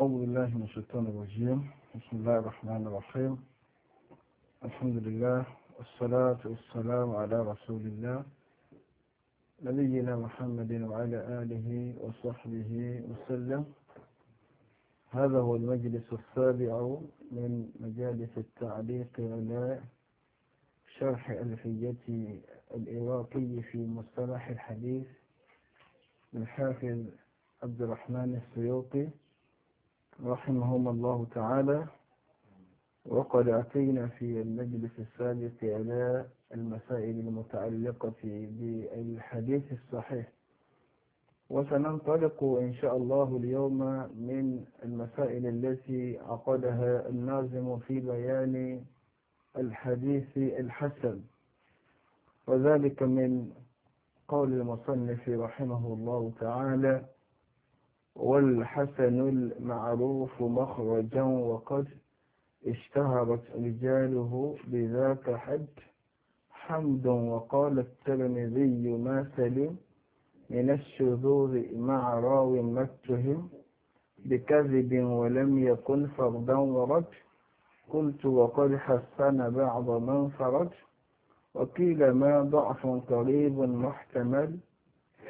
أعوذ بالله من الشيطان الرجيم بسم الله الرحمن الرحيم الحمد لله والصلاة والسلام على رسول الله نبينا محمد وعلى آله وصحبه وسلم هذا هو المجلس السابع من مجالس التعليق على شرح ألفية الإراقي في مصطلح الحديث من حافظ عبد الرحمن السيوطي رحمهما الله تعالى وقد أتينا في المجلس السابق على المسائل المتعلقة بالحديث الصحيح وسننطلق إن شاء الله اليوم من المسائل التي عقدها الناظم في بيان الحديث الحسن وذلك من قول المصنف رحمه الله تعالى والحسن المعروف مخرجا وقد اشتهرت رجاله بذاك حد حمد وقال الترمذي ما سلم من الشذوذ مع راو ما اتهم بكذب ولم يكن فردا ورد قلت وقد حسن بعض من فرد وقيل ما ضعف قريب محتمل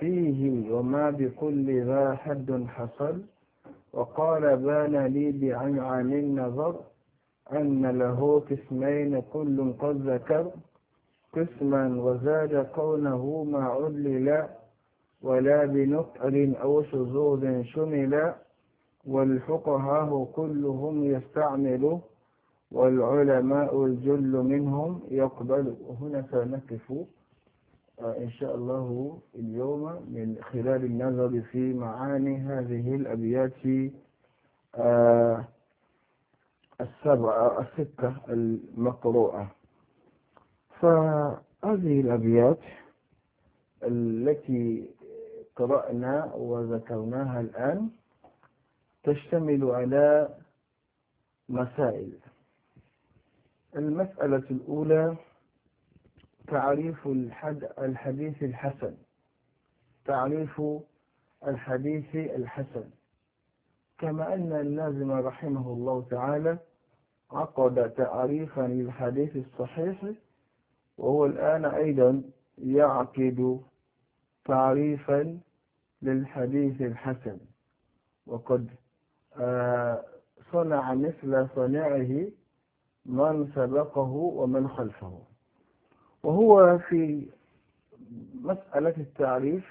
فيه وما بكل ذا حد حصل وقال بان لي بعن النظر أن له قسمين كل قد ذكر قسما وزاد كونه ما علل ولا بنقل أو شذوذ شمل والفقهاء كلهم يستعمل والعلماء الجل منهم يقبل هنا سنقف إن شاء الله اليوم من خلال النظر في معاني هذه الأبيات آه، السبعة الستة المقروءة فهذه الأبيات التي قرأنا وذكرناها الآن تشتمل على مسائل المسألة الأولى تعريف الحديث الحسن تعريف الحديث الحسن كما أن اللازم رحمه الله تعالى عقد تعريفا للحديث الصحيح وهو الآن أيضا يعقد تعريفا للحديث الحسن وقد آه، صنع مثل صنعه من سبقه ومن خلفه وهو في مسألة التعريف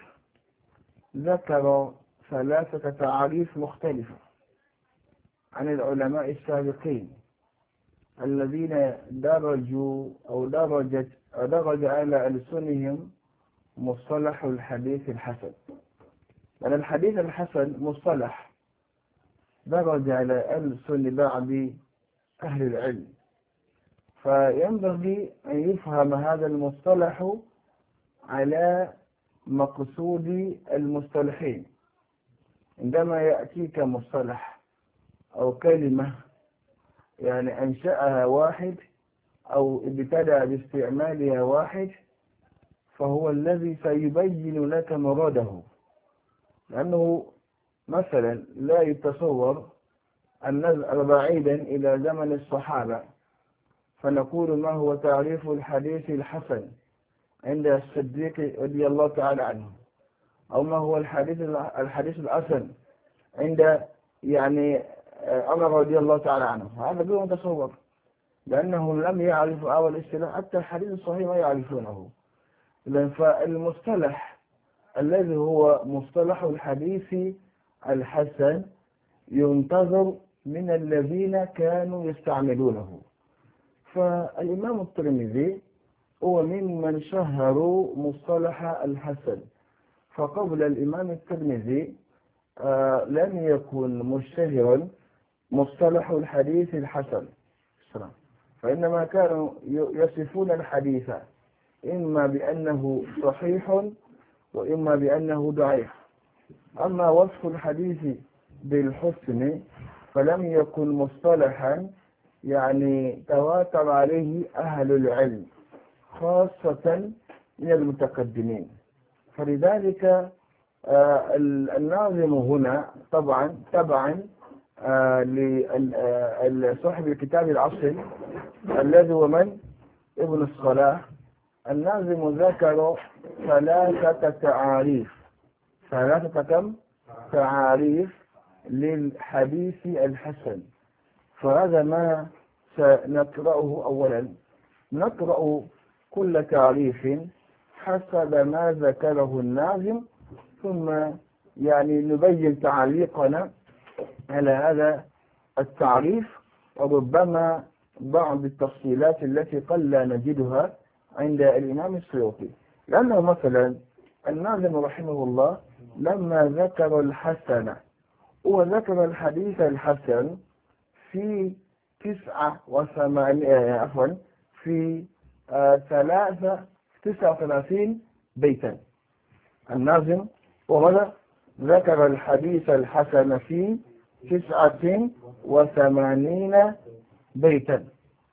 ذكر ثلاثة تعريف مختلفة عن العلماء السابقين الذين درجوا أو درجت درج على ألسنهم مصطلح الحديث الحسن لأن الحديث الحسن مصطلح درج على ألسن بعض أهل العلم فينبغي أن يفهم هذا المصطلح على مقصود المصطلحين عندما يأتيك مصطلح أو كلمة يعني أنشأها واحد أو ابتدأ باستعمالها واحد فهو الذي سيبين لك مراده لأنه مثلا لا يتصور أن نذهب بعيدا إلى زمن الصحابة فنقول ما هو تعريف الحديث الحسن عند الصديق رضي الله تعالى عنه أو ما هو الحديث الحديث الحسن عند يعني آه، عمر رضي الله تعالى عنه هذا بدون تصور لأنهم لم يعرفوا أول الاصطلاح حتى الحديث الصحيح ما يعرفونه فالمصطلح الذي هو مصطلح الحديث الحسن ينتظر من الذين كانوا يستعملونه فالإمام الترمذي هو ممن شهروا مصطلح الحسن فقبل الإمام الترمذي آه، لم يكن مشتهرا مصطلح الحديث الحسن فإنما كانوا يصفون الحديث إما بأنه صحيح وإما بأنه ضعيف أما وصف الحديث بالحسن فلم يكن مصطلحا يعني تواتر عليه أهل العلم خاصة من المتقدمين فلذلك آه، الناظم هنا طبعا تبعا آه، لصاحب آه، الكتاب العصر الذي هو من ابن الصلاح الناظم ذكر ثلاثة تعاريف ثلاثة كم تعاريف للحديث الحسن فهذا ما سنقرأه أولا نقرأ كل تعريف حسب ما ذكره الناظم ثم يعني نبين تعليقنا على هذا التعريف وربما بعض التفصيلات التي قل لا نجدها عند الإمام السيوطي لأنه مثلا الناظم رحمه الله لما ذكر الحسن وذكر الحديث الحسن في تسعة وثمانية آه، عفوا في آه، ثلاثة تسعة وثلاثين بيتا الناظم وماذا ذكر الحديث الحسن في تسعة وثمانين بيتا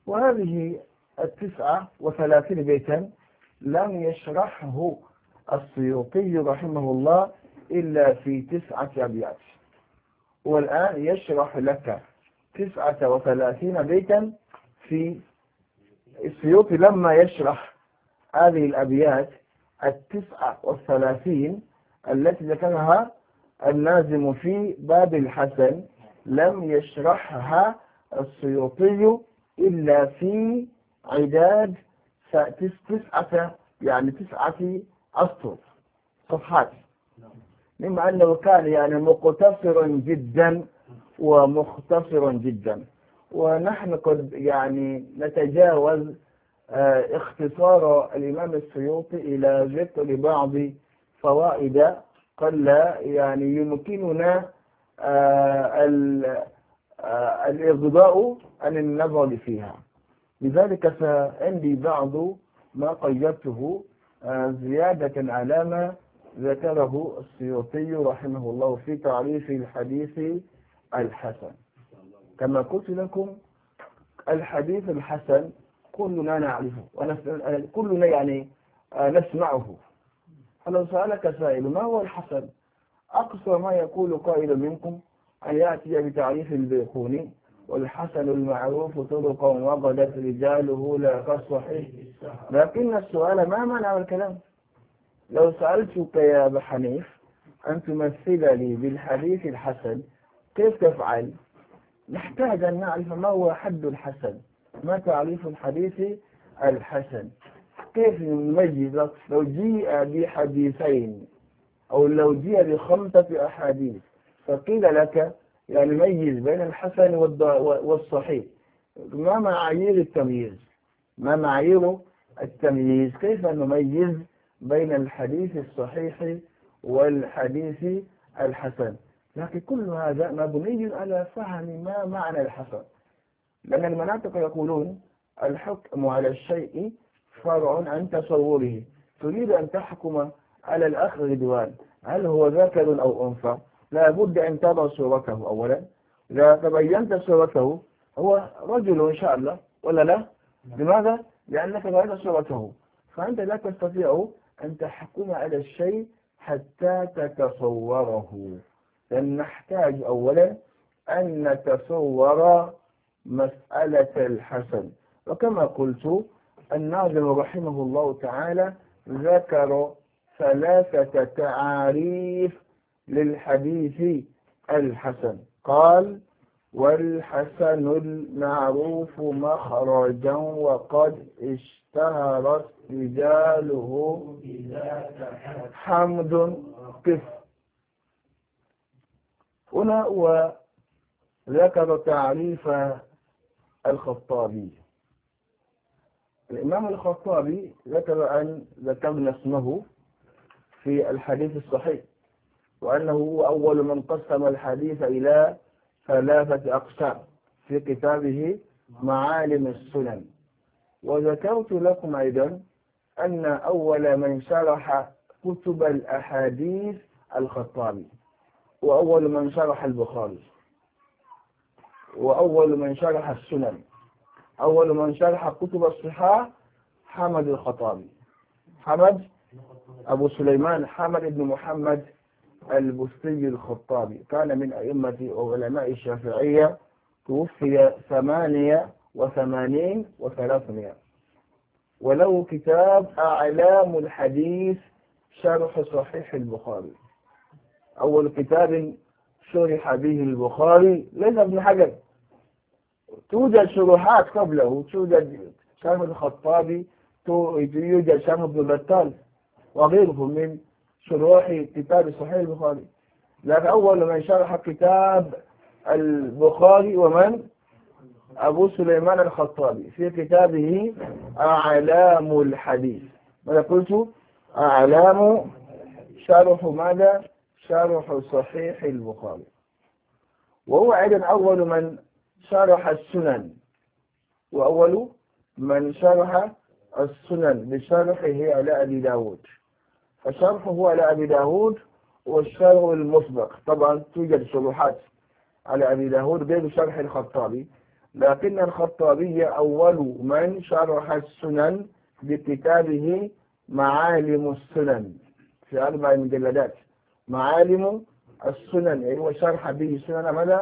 وهذه التسعة وثلاثين بيتا لم يشرحه السيوطي رحمه الله إلا في تسعة أبيات والآن يشرح لك تسعة وثلاثين بيتا في السيوطي لما يشرح هذه الأبيات التسعة والثلاثين التي ذكرها النازم في باب الحسن لم يشرحها السيوطي إلا في عداد تسعة يعني تسعة أسطر صفحات مما أنه كان يعني مقتصرا جدا ومختصر جدا ونحن قد يعني نتجاوز آه، اختصار الإمام السيوطي إلى ذكر بعض فوائد قل يعني يمكننا آه، آه، الإغضاء عن النظر فيها لذلك فعندي بعض ما قيدته زيادة على ما ذكره السيوطي رحمه الله في تعريف الحديث الحسن كما قلت لكم الحديث الحسن كلنا نعرفه كلنا يعني آه، نسمعه فلو سألك سائل ما هو الحسن أقصى ما يقول قائل منكم أن يأتي بتعريف البيخوني والحسن المعروف طرقا وغدت رجاله لا كالصحيح لكن السؤال ما معنى الكلام لو سألتك يا أبا حنيف أن تمثل لي بالحديث الحسن كيف تفعل نحتاج أن نعرف ما هو حد الحسن ما تعريف الحديث الحسن كيف نميز لو جيء بحديثين أو لو جيء بخمسة أحاديث فقيل لك يعني ميز بين الحسن والصحيح ما معايير التمييز ما معايير التمييز كيف نميز بين الحديث الصحيح والحديث الحسن لكن كل هذا مبني على فهم ما معنى الحصر لأن المناطق يقولون الحكم على الشيء فرع عن تصوره تريد أن تحكم على الأخ غدوان هل هو ذكر أو أنثى لا بد أن تضع صورته أولا إذا تبينت صورته هو رجل إن شاء الله ولا لا نعم. لماذا؟ لأنك رأيت صورته فأنت لا تستطيع أن تحكم على الشيء حتى تتصوره لن نحتاج أولا أن نتصور مسألة الحسن وكما قلت الناظم رحمه الله تعالى ذكر ثلاثة تعاريف للحديث الحسن قال والحسن المعروف مخرجا وقد اشتهرت رجاله حمد قف هنا هو ذكر تعريف الخطابي الإمام الخطابي ذكر أن ذكرنا اسمه في الحديث الصحيح وأنه هو أول من قسم الحديث إلى ثلاثة أقسام في كتابه معالم السنن وذكرت لكم أيضا أن أول من شرح كتب الأحاديث الخطابي وأول من شرح البخاري وأول من شرح السنن أول من شرح كتب الصحاح حمد الخطابي حمد أبو سليمان حمد بن محمد البستي الخطابي كان من أئمة وعلماء الشافعية توفي ثمانية وثمانين وثلاثمائة وله كتاب أعلام الحديث شرح صحيح البخاري أول كتاب شرح به البخاري ليس ابن حجر توجد شروحات قبله توجد شام الخطابي توجد شام ابن بطال وغيره من شروح كتاب صحيح البخاري لكن أول من شرح كتاب البخاري ومن أبو سليمان الخطابي في كتابه أعلام الحديث ماذا قلت أعلام شرح ماذا شرح صحيح البخاري وهو أيضا أول من شرح السنن وأول من شرح السنن بشرحه على أبي داود فشرحه على أبي داود والشرح المسبق طبعا توجد شروحات على أبي داود غير شرح الخطابي لكن الخطابي أول من شرح السنن بكتابه معالم السنن في أربع مجلدات معالم السنن أي يعني هو شرح به سنن مدى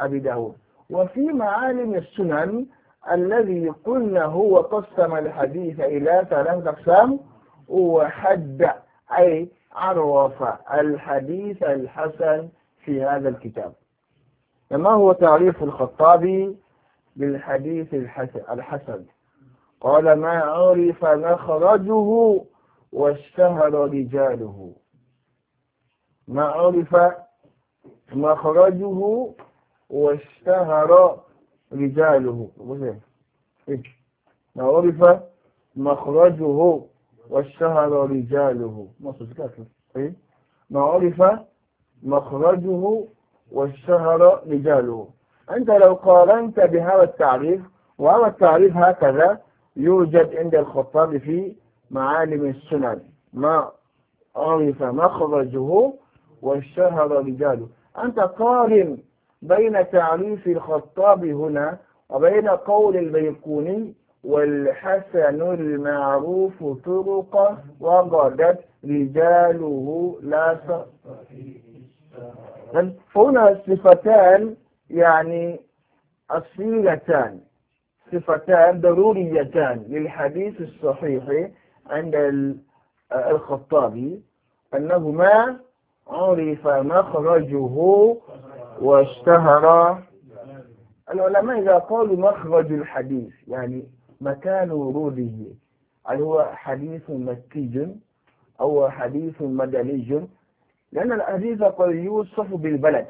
أبي داود وفي معالم السنن الذي قلنا هو قسم الحديث إلى ثلاث أقسام وحد أي عرف الحديث الحسن في هذا الكتاب فما هو تعريف الخطابي بالحديث الحسن قال ما عرف مخرجه واشتهر رجاله ما عرف مخرجه واشتهر رجاله إيه. ما عرف مخرجه واشتهر رجاله إيه. ما عرف مخرجه واشتهر رجاله أنت لو قارنت بهذا التعريف وهذا التعريف هكذا يوجد عند الخطاب في معالم السنن ما عرف مخرجه واشتهر رجاله أنت قارن بين تعريف الخطاب هنا وبين قول البيقوني والحسن المعروف طرقة وغدت رجاله لا فهنا صفتان يعني أصيلتان صفتان ضروريتان للحديث الصحيح عند الخطابي أنهما عرف مخرجه واشتهر العلماء إذا قالوا مخرج الحديث يعني مكان وروده هل هو حديث مكي أو حديث مدني لأن الحديث قد يوصف بالبلد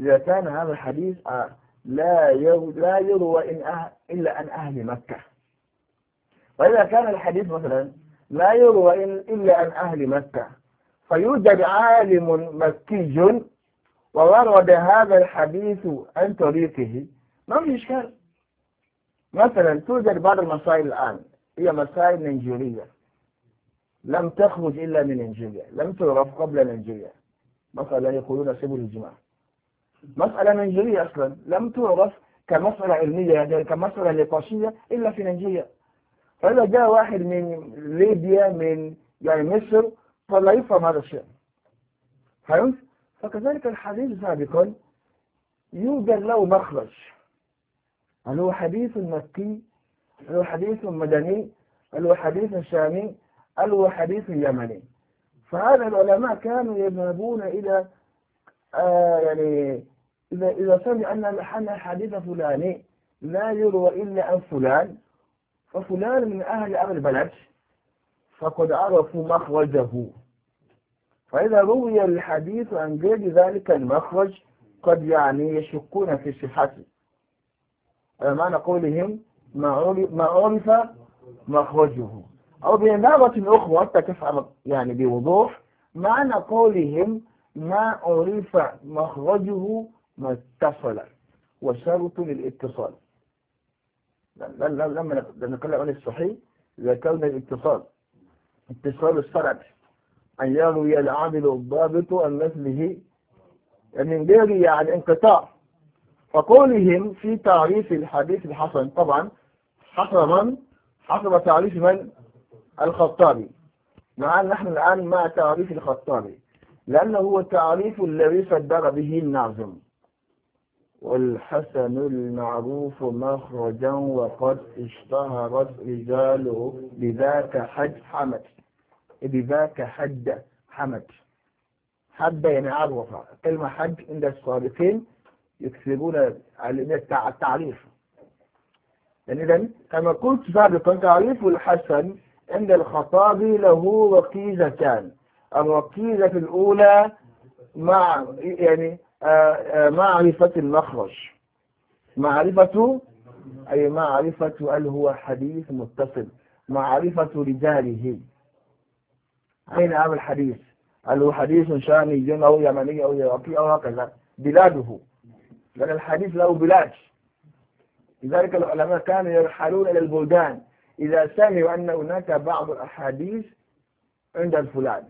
إذا كان هذا الحديث آه، لا لا يروى أه-، إلا عن أهل مكة وإذا كان الحديث مثلا لا يروى إلا عن أهل مكة فيوجد عالم مكي وورد هذا الحديث عن طريقه ما في إشكال مثلا توجد بعض المسائل الآن هي مسائل نيجيرية لم تخرج إلا من نيجيريا لم تعرف قبل نيجيريا مثلا يقولون سبل الجماعة مسألة نيجيرية أصلا لم تعرف كمسألة علمية يعني كمسألة نقاشية إلا في نيجيريا فإذا جاء واحد من ليبيا من يعني مصر فلا يفهم هذا الشيء فهمت؟ فكذلك الحديث سابقا يوجد له مخرج هل هو حديث مكي هل هو حديث مدني هل هو حديث شامي هل هو حديث يمني فهذا العلماء كانوا يذهبون إلى آه يعني إذا إذا سمع أن محل حديث فلاني لا يروى إلا عن فلان ففلان من أهل أهل البلد فقد عرفوا مخرجه فإذا روي الحديث عن غير ذلك المخرج قد يعني يشكون في صحته معنى قولهم ما عرف مخرجه أو بعبارة أخرى حتى تفهم يعني بوضوح معنى قولهم ما عرف مخرجه ما اتصل وشرط للاتصال لما نتكلم عن الصحيح ذكرنا الاتصال اتصال السند أن يروي العامل الضابط عن مثله من يعني غير يعني انقطاع فقولهم في تعريف الحديث الحسن طبعا حسب من حسب تعريف من الخطابي مع أن نحن الآن مع تعريف الخطابي لأنه هو التعريف الذي صدر به الناظم والحسن المعروف مخرجا وقد اشتهرت رجاله بذاك حج حمد بذاك حد حمد حد يعني عرفة كلمة حد عند الصادقين يكسبون التعريف يعني إذا كما قلت سابقا تعريف الحسن عند الخطابي له ركيزتان الركيزة الأولى مع يعني آه، آه، معرفة المخرج معرفة أي معرفة هل هو حديث متصل معرفة رجاله أين هذا الحديث هل هو حديث شامي أو يمني أو عراقي أو هكذا بلاده لأن الحديث له بلاد لذلك العلماء كانوا يرحلون إلى البلدان إذا سمعوا أن هناك بعض الأحاديث عند الفلان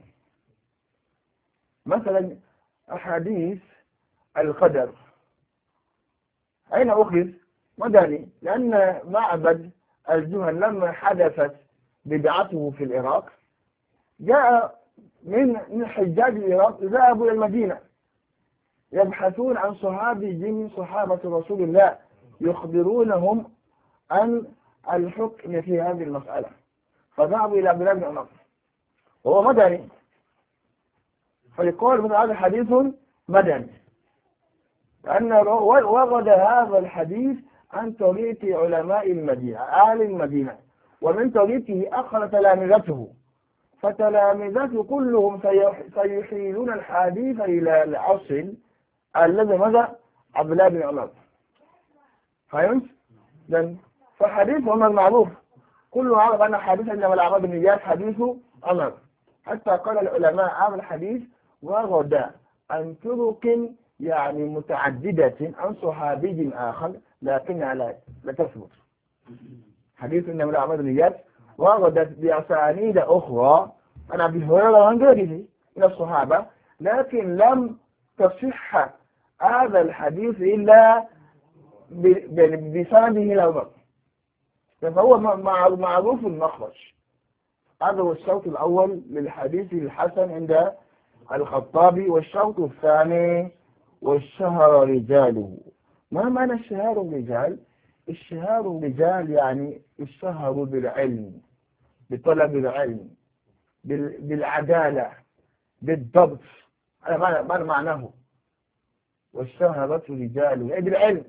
مثلا أحاديث القدر أين أخذ؟ مدني لأن معبد الجهن لما حدثت بدعته في العراق جاء من من حجاج العراق ذهبوا إلى المدينة يبحثون عن صحابي من صحابة رسول الله يخبرونهم عن الحكم في هذه المسألة فذهبوا إلى عبد الله بن عمر وهو مدني فيقول من هذا حديث مدني لأن ورد هذا الحديث عن طريق علماء المدينة أهل المدينة ومن طريقه أخر تلامذته فتلامذته كلهم سيحيلون الحديث إلى العصر الذي ماذا؟ عبد الله بن عمر فهمت؟ إذن فحديث عمر كله عارف أن حديث إنما بن إياس حديث عمر حتى قال العلماء هذا الحديث ورد عن طرق يعني متعددة عن صحابي آخر لكن لا لا تثبت حديث إنما بن إياس وردت بأسانيد أخرى عن أبي هريرة وعن غيره من الصحابة لكن لم تصح هذا الحديث إلا يعني بسنده إلى أبو فهو معروف المخرج هذا هو الشوط الأول للحديث الحسن عند الخطابي والشوط الثاني والشهر رجاله ما معنى الشهر الرجال؟ الشهر الرجال يعني الشهر بالعلم بطلب العلم بالعدالة بالضبط هذا معناه واشتهرته رجال أي بالعلم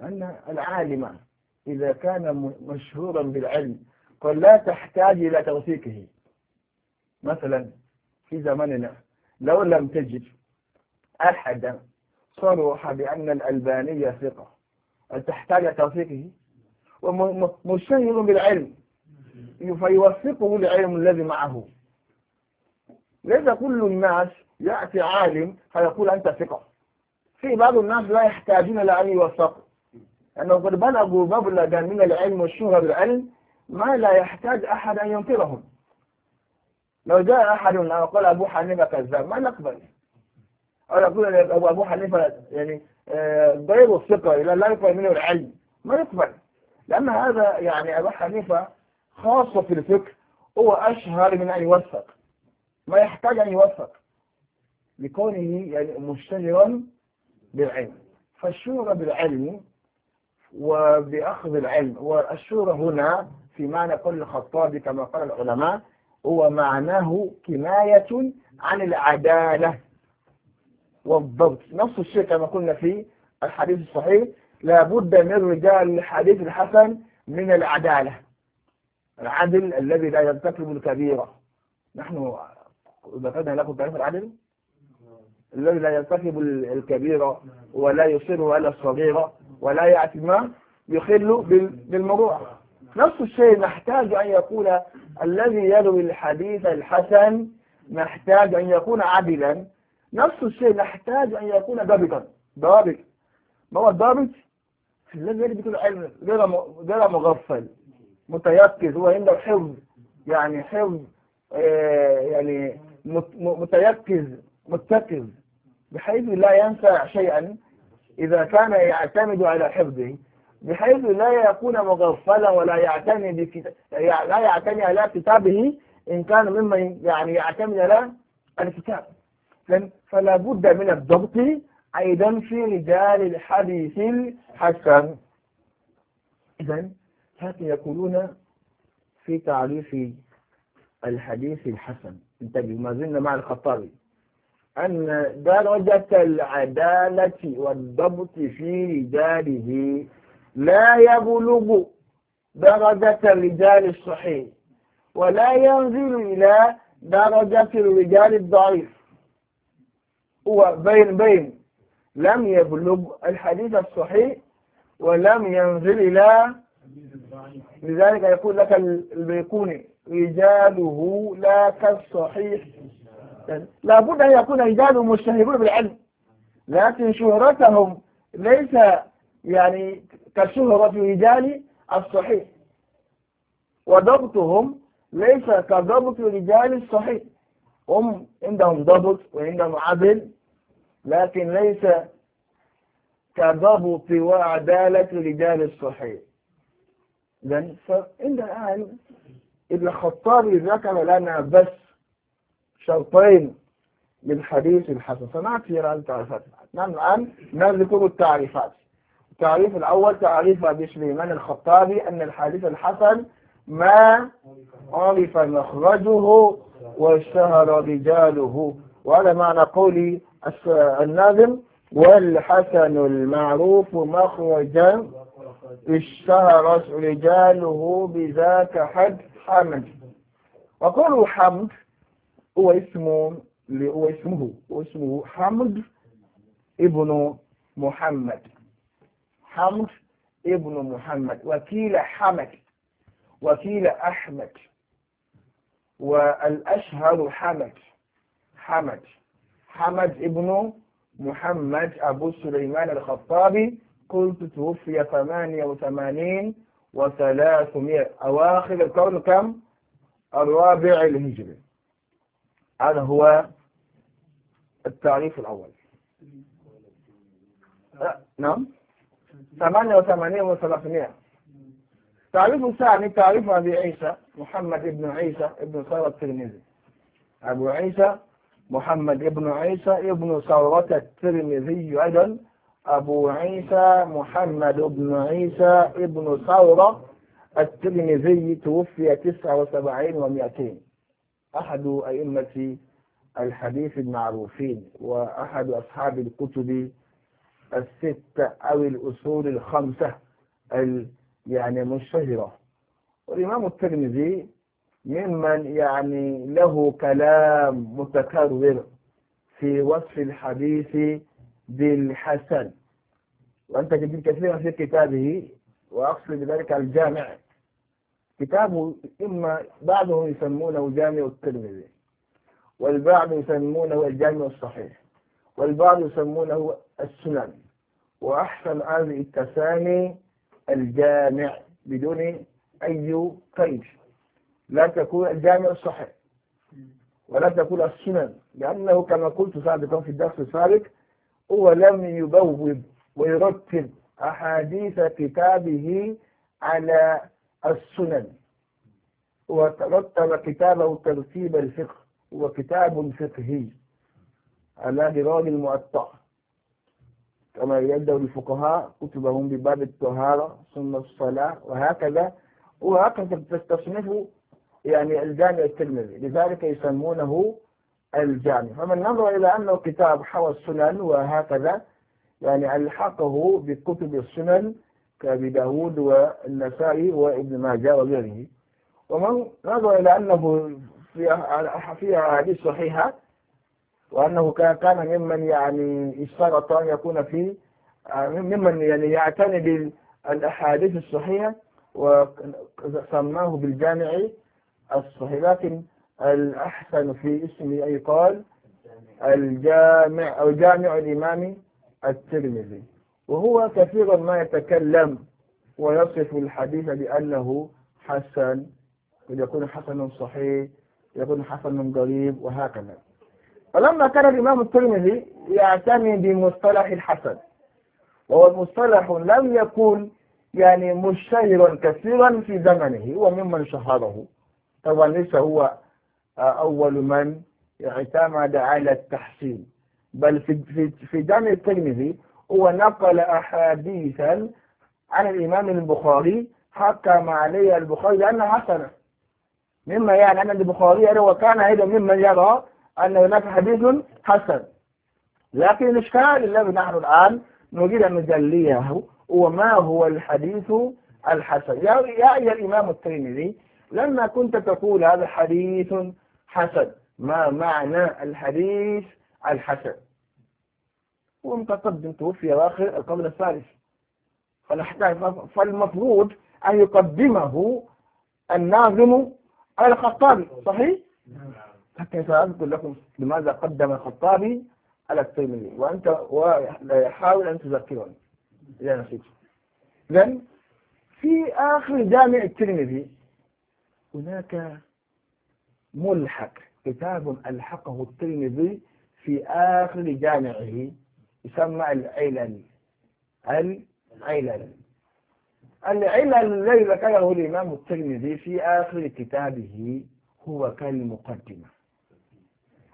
أن العالم إذا كان مشهورا بالعلم قد لا تحتاج إلى توثيقه مثلا في زمننا لو لم تجد أحدا صرح بأن الألبانية ثقة تحتاج توثيقه ومشهور بالعلم فيوفقه العلم الذي معه ليس كل الناس يأتي عالم فيقول أنت ثقة في بعض الناس لا يحتاجون إلى أن يوثقوا لأنه قد بلغوا مبلغا من العلم والشهرة بالعلم ما لا يحتاج أحد أن ينكرهم لو جاء أحد وقال أبو حنيفة كذاب ما نقبل أو يقول أبو حنيفة يعني آه، غير الثقة لا يقبل منه العلم ما نقبل لأن هذا يعني أبو حنيفة خاصة في الفكر هو أشهر من أن يوثق ما يحتاج أن يوثق لكونه يعني مشتهرا بالعلم فالشهرة بالعلم وبأخذ العلم والشهرة هنا في معنى كل الخطاب كما قال العلماء هو معناه كناية عن العدالة والضبط نفس الشيء كما قلنا في الحديث الصحيح لابد من رجال الحديث الحسن من العدالة العدل الذي لا يرتكب الكبيرة نحن ذكرنا لكم تعريف العدل الذي لا يرتكب الكبيرة ولا يصير ولا الصغيرة ولا يعتمى يخل بالموضوع نفس الشيء نحتاج أن يكون الذي يروي الحديث الحسن نحتاج أن يكون عدلا نفس الشيء نحتاج أن يكون ضابطا ضابط ما هو الضابط الذي يريد بكل علم غير مغفل متيقظ هو عنده حفظ يعني حفظ آه، يعني متيقظ متكز بحيث لا ينسى شيئا إذا كان يعتمد على حفظه بحيث لا يكون مغفلا ولا يعتني لا يعتني على كتابه إن كان ممن يعني يعتمد على الكتاب فلا بد من الضبط أيضا في رجال الحديث الحسن إذا هكذا يقولون في تعريف الحديث الحسن انتبه ما زلنا مع الخطابي أن درجة العدالة والضبط في رجاله لا يبلغ درجة الرجال الصحيح ولا ينزل إلى درجة الرجال الضعيف هو بين بين لم يبلغ الحديث الصحيح ولم ينزل إلى لذلك يقول لك البيكوني رجاله لا كالصحيح لا بد أن يكون رجاله مشتهرون بالعلم لكن شهرتهم ليس يعني كشهرة رجال الصحيح وضبطهم ليس كضبط رجال الصحيح هم عندهم ضبط وعندهم عدل لكن ليس كضبط وعدالة رجال الصحيح إذا فإن الآن الخطابي ذكر لنا بس شرطين من حديث الحسن سنأتي رأي تعريفات نعم الآن نذكر التعريفات التعريف الأول تعريف أبي سليمان الخطابي أن الحديث الحسن ما عرف مخرجه واشتهر رجاله وهذا معنى قولي الناظم والحسن المعروف مخرجا اشتهرت رجاله بذاك حد حمد وقول حمد هو اسمه هو اسمه اسمه حمد ابن محمد حمد ابن محمد وكيل حمد وكيل أحمد والأشهر حمد حمد حمد ابن محمد أبو سليمان الخطابي قلت توفي ثمانية وثمانين وثلاثمائة أواخر القرن كم الرابع الهجري هذا هو التعريف الأول نعم ثمانية وثمانين وثلاثمائة تعريف الثاني تعريف أبي عيسى محمد بن عيسى ابن ثورة الترمذي أبو عيسى محمد بن عيسى ابن ثورة الترمذي أيضا أبو عيسى محمد بن عيسى ابن ثورة الترمذي توفي 79 و200 أحد أئمة الحديث المعروفين وأحد أصحاب الكتب الستة أو الأصول الخمسة يعني مشهرة والإمام الترمذي ممن يعني له كلام متكرر في وصف الحديث بالحسن وأنت ابن كثيرا في كتابه وأقصد بذلك الجامع كتابه إما بعضهم يسمونه جامع الترمذي والبعض يسمونه الجامع الصحيح والبعض يسمونه السنن وأحسن هذه التسامي الجامع بدون أي قيد لا تكون الجامع الصحيح ولا تكون السنن لأنه كما قلت سابقا في الدرس السابق هو لم يبوب ويرتب أحاديث كتابه على السنن وترتب كتابه ترتيب الفقه وكتاب فقهي على دراب المؤطع كما يبدأ الفقهاء كتبهم بباب الطهارة ثم الصلاة وهكذا وهكذا تستصنف يعني الجامع الترمذي لذلك يسمونه الجامع فمن نظر إلى أنه كتاب حوى السنن وهكذا يعني ألحقه بكتب السنن كأبي داود والنسائي وابن ماجه وغيره ومن نظر إلى أنه فيها أحاديث صحيحة وأنه كان ممن يعني اشترط أن يكون في ممن يعني يعتني بالأحاديث الصحيحة وسماه بالجامع الصحيح لكن الأحسن في اسمه أي قال الجامع أو جامع الإمام الترمذي وهو كثيرا ما يتكلم ويصف الحديث بأنه حسن قد يكون حسن صحيح يكون حسن قريب وهكذا فلما كان الإمام الترمذي يعتني بمصطلح الحسن وهو مصطلح لم يكن يعني مشتهرا كثيرا في زمنه وممن شهره طبعا ليس هو أول من اعتمد على التحسين بل في في جامع الترمذي هو نقل أحاديثا عن الإمام البخاري حكم عليها البخاري لأنها حسنة مما يعني أن البخاري روى كان أيضا ممن يرى أن هناك حديث حسن لكن الإشكال الذي نحن الآن نريد أن نجليه وما هو الحديث الحسن يا أيها الإمام الترمذي لما كنت تقول هذا حديث حسد ما معنى الحديث الحسد ومتقدم توفي آخر القرن الثالث فالمفروض أن يقدمه الناظم على الخطابي صحيح؟ حتى سأذكر لكم لماذا قدم الخطابي على الترمذي وأنت وحاول أن تذكرني إذا نسيت إذا في آخر جامع الترمذي هناك ملحق كتاب ألحقه الترمذي في آخر جامعه يسمى العلل العلل العلل الذي ذكره الإمام الترمذي في آخر كتابه هو كالمقدمة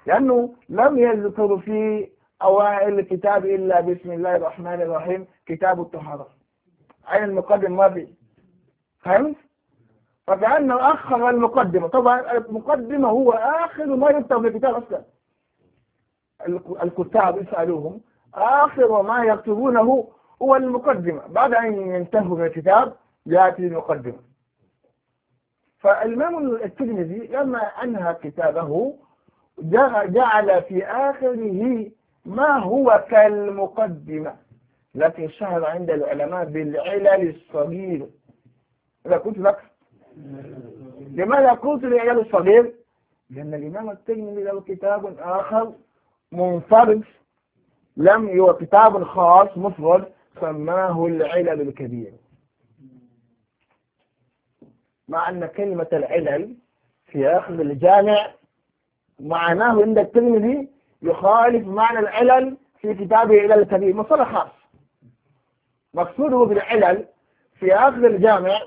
لأنه لم يذكر في أوائل الكتاب إلا بسم الله الرحمن الرحيم كتاب الطهارة عين المقدم ما في فهمت؟ فكأنه أخر المقدمة طبعا المقدمة هو آخر ما يكتب في الكتاب أصلا الكتاب يسألوهم آخر ما يكتبونه هو المقدمة بعد أن ينتهوا من الكتاب يأتي المقدمة فالإمام الترمذي لما أنهى كتابه جعل في آخره ما هو كالمقدمة لكن شهر عند العلماء بالعلل الصغير إذا كنت لك لماذا قلت لعيال الصغير لأن الإمام الترمذي له كتاب آخر منفرد لم هو كتاب خاص مفرد سماه العلل الكبير مع أن كلمة العلل في آخر الجامع معناه عند الترمذي يخالف معنى العلل في كتابه العلل الكبير مصطلح خاص مقصوده بالعلل في آخر الجامع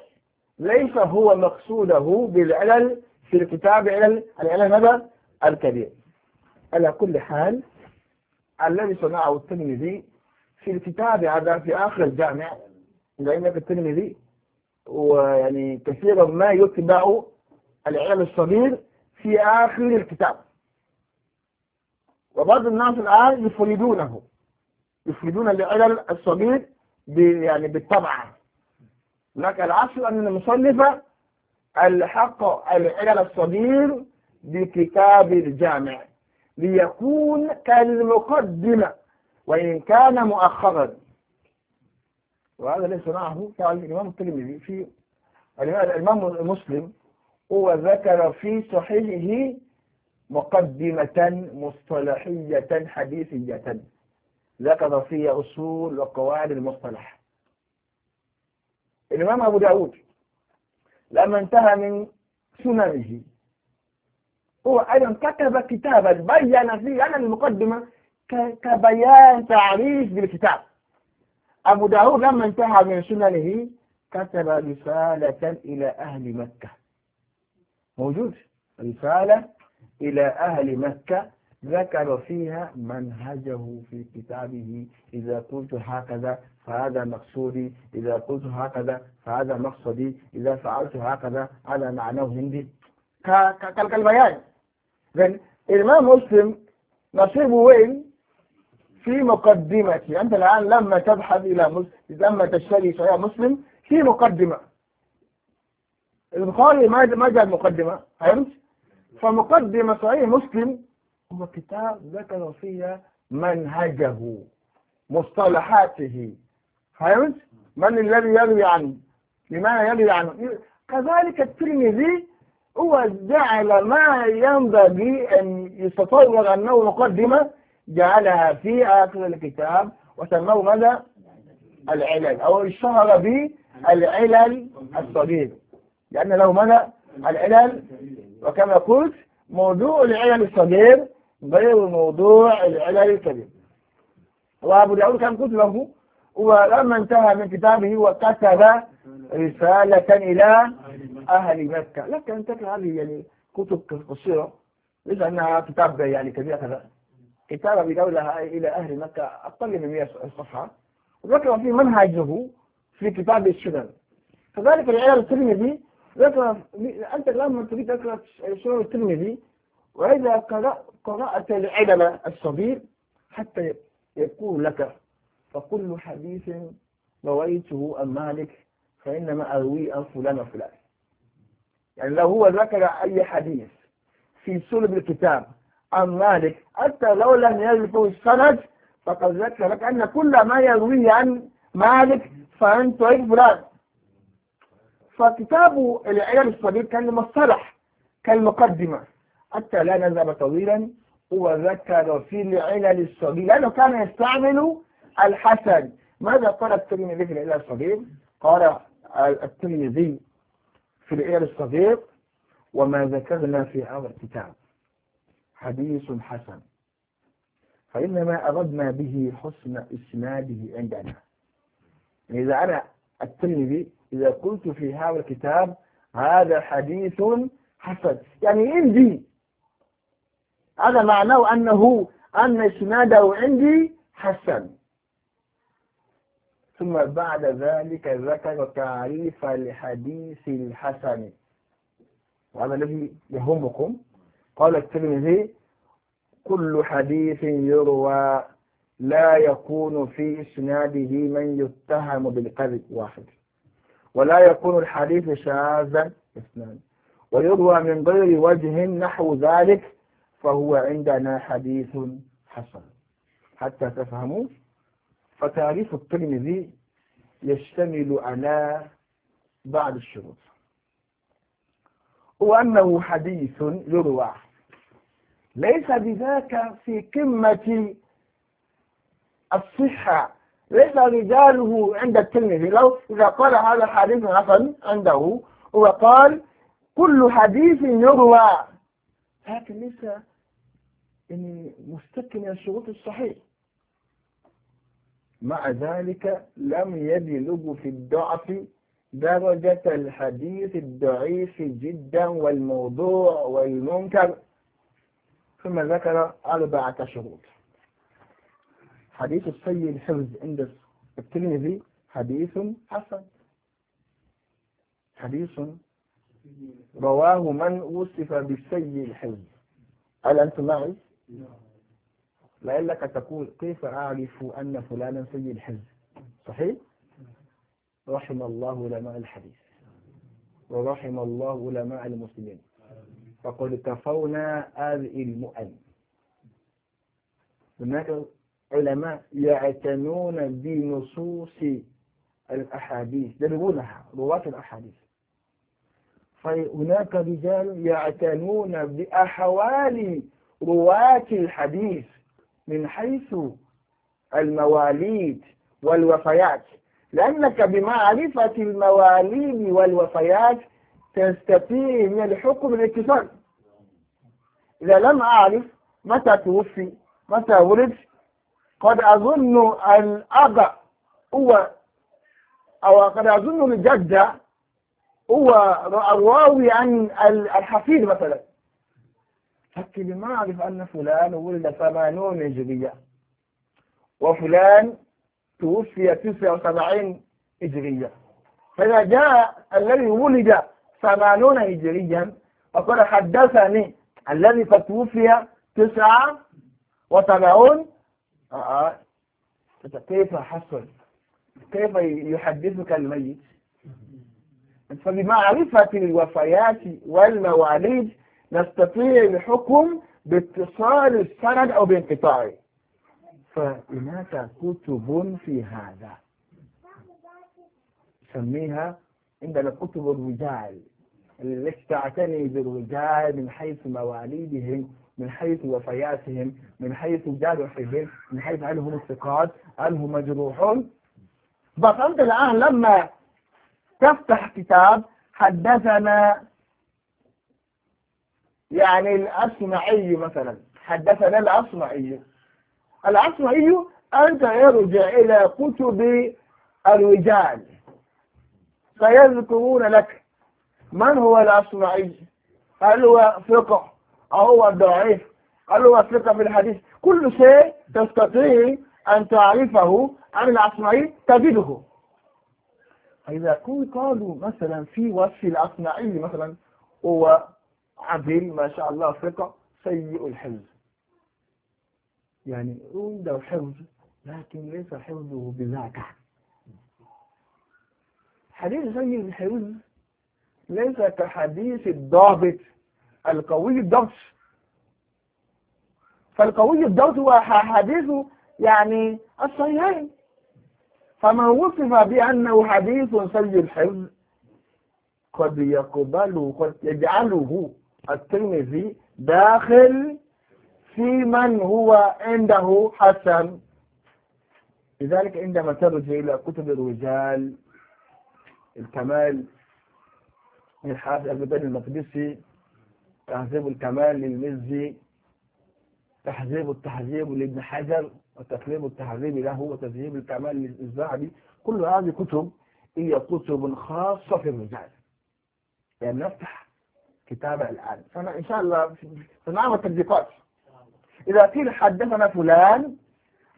ليس هو مقصوده بالعلل في الكتاب علل العلل هذا الكبير على كل حال الذي صنعه الترمذي في الكتاب هذا في آخر الجامع لأن في الترمذي ويعني كثيرا ما يتبع العلل الصغير في آخر الكتاب وبعض الناس الآن يفردونه يفردون العلل الصغير يعني بالطبعة لك العصر أن المصنف الحق العلل الصغير بكتاب الجامع ليكون كالمقدمة وإن كان مؤخرا وهذا ليس معه قال الإمام الترمذي في الإمام المسلم هو ذكر في صحيحه مقدمة مصطلحية حديثية ذكر فيها أصول وقواعد المصطلح الإمام يعني أبو داود لما انتهى من سننه هو أيضا كتب كتابا بين فيه أنا يعني المقدمة كبيان تعريف بالكتاب أبو داود لما انتهى من سننه كتب رسالة إلى أهل مكة موجود رسالة إلى أهل مكة ذكر فيها منهجه في كتابه إذا قلت هكذا فهذا مقصودي إذا قلت هكذا فهذا مقصدي إذا فعلت هكذا هذا معناه هندي كالبيان then الإمام مسلم نصيبه وين في مقدمة أنت الآن لما تبحث إلى مسلم لما تشتري صحيح مسلم في مقدمة البخاري ما ما جاء المقدمة فهمت؟ فمقدمة صحيح مسلم هو كتاب ذكر فيه منهجه مصطلحاته فهمت؟ من الذي يروي عنه؟ لماذا يروي عنه؟ كذلك الترمذي هو جعل ما ينبغي أن يتصور أنه مقدمة جعلها في آخر الكتاب وسموه ماذا؟ العلل أو اشتهر العلل الصغير لأن له ماذا؟ العلل وكما قلت موضوع العلل الصغير غير موضوع العلل الكبير وابو داود كان كتبه ولما انتهى من كتابه وكتب رسالة إلى أهل مكة لكن أن هذه يعني كتب قصيرة ليس أنها كتاب يعني كبير كذا كتاب أبي داود إلى أهل مكة أقل من 100 صفحة وذكر في منهجه في كتاب السنن كذلك العلل الترمذي ذكر أنت لما تريد تقرأ سنن الترمذي وإذا قرأت العلم الصغير حتى يقول لك فكل حديث رويته عن مالك فإنما أروي عن فلان وفلان يعني لو هو ذكر أي حديث في سلب الكتاب عن مالك حتى لو لم يذكر السند فقد ذكر لك أن كل ما يرويه عن مالك فأنت أي فلان فكتاب العلم الصغير كان مصطلح كالمقدمة حتى لا نذهب طويلا هو ذكر في العلل الصغير لأنه كان يستعمل الحسن ماذا قال الترمذي في العلل الصغير قال الترمذي في العلل الصغير وما ذكرنا في هذا الكتاب حديث حسن فإنما أردنا به حسن إسناده عندنا يعني إذا أنا الترمذي إذا قلت في هذا الكتاب هذا حديث حسن يعني عندي هذا معناه أنه أن إسناده عندي حسن ثم بعد ذلك ذكر تعريف الحديث الحسن وهذا الذي يهمكم قال الترمذي كل حديث يروى لا يكون في إسناده من يتهم بالكذب واحد ولا يكون الحديث شاذا اثنان ويروى من غير وجه نحو ذلك فهو عندنا حديث حسن حتى تفهموا فتعريف الترمذي يشتمل على بعض الشروط وأنه حديث يروى ليس بذاك في قمة الصحة ليس رجاله عند الترمذي لو إذا قال هذا حديث حسن عنده وقال كل حديث يروى لكن ليس يعني من الشروط الصحيح مع ذلك لم يبلغ في الضعف درجة الحديث الضعيف جدا والموضوع والمنكر ثم ذكر أربعة شروط حديث السيد حفظ عند الترمذي حديث حسن حديث رواه من وصف بالسيد الحفظ هل أنتم معي؟ لعلك تقول كيف أعرف أن فلانا سيد الحزب صحيح رحم الله علماء الحديث ورحم الله علماء المسلمين فقد كفونا آذ المؤن هناك علماء يعتنون بنصوص الأحاديث يدرونها رواة الأحاديث فهناك رجال يعتنون بأحوال رواة الحديث من حيث المواليد والوفيات لأنك بمعرفة المواليد والوفيات تستطيع من الحكم الاتصال إذا لم أعرف متى توفي متى ولد قد أظن الأب هو أو قد أظن الجدة هو الراوي عن الحفيد مثلا هكي بما أعرف أن فلان ولد ثمانون هجرية وفلان توفي تسعة وسبعين هجرية فإذا جاء الذي ولد ثمانون هجريا فقد حدثني الذي فتوفي توفي تسعة وسبعون آه. كيف حصل كيف يحدثك الميت فبمعرفة الوفيات والمواليد نستطيع الحكم باتصال السند أو بانقطاعه فهناك كتب في هذا سميها عندنا كتب الرجال التي تعتني بالرجال من حيث مواليدهم من حيث وفياتهم من حيث جارحهم من حيث هل هم ثقات هل هم مجروحون بس أنت الآن لما تفتح كتاب حدثنا يعني الأصمعي مثلا حدثنا الأصمعي الأصمعي أنت يرجع إلى كتب الرجال سيذكرون لك من هو الأصمعي هل هو ثقة أو هو ضعيف هل هو ثقة في الحديث كل شيء تستطيع أن تعرفه عن الأصمعي تجده إذا كنت قالوا مثلا في وصف الأصمعي مثلا هو عظيم ما شاء الله ثقة سيء الحفظ يعني عنده حفظ لكن ليس حفظه بذاك حديث سيء الحفظ ليس كحديث الضابط القوي الضبط فالقوي الضبط هو حديث يعني الصحيحين فمن وصف بأنه حديث سيء الحفظ قد يقبله قد يجعله الترمذي داخل في من هو عنده حسن لذلك عندما ترجع إلى كتب الرجال الكمال للحافظ البدن المقدسي تهذيب الكمال للمزي تحذيب التحذيب لابن حجر وتكليم التهذيب له وتذهيب الكمال للزعبي كل هذه كتب هي كتب خاصة في الرجال يعني نفتح كتابة الآن فأنا إن شاء الله سنعمل تطبيقات إذا قيل حدثنا فلان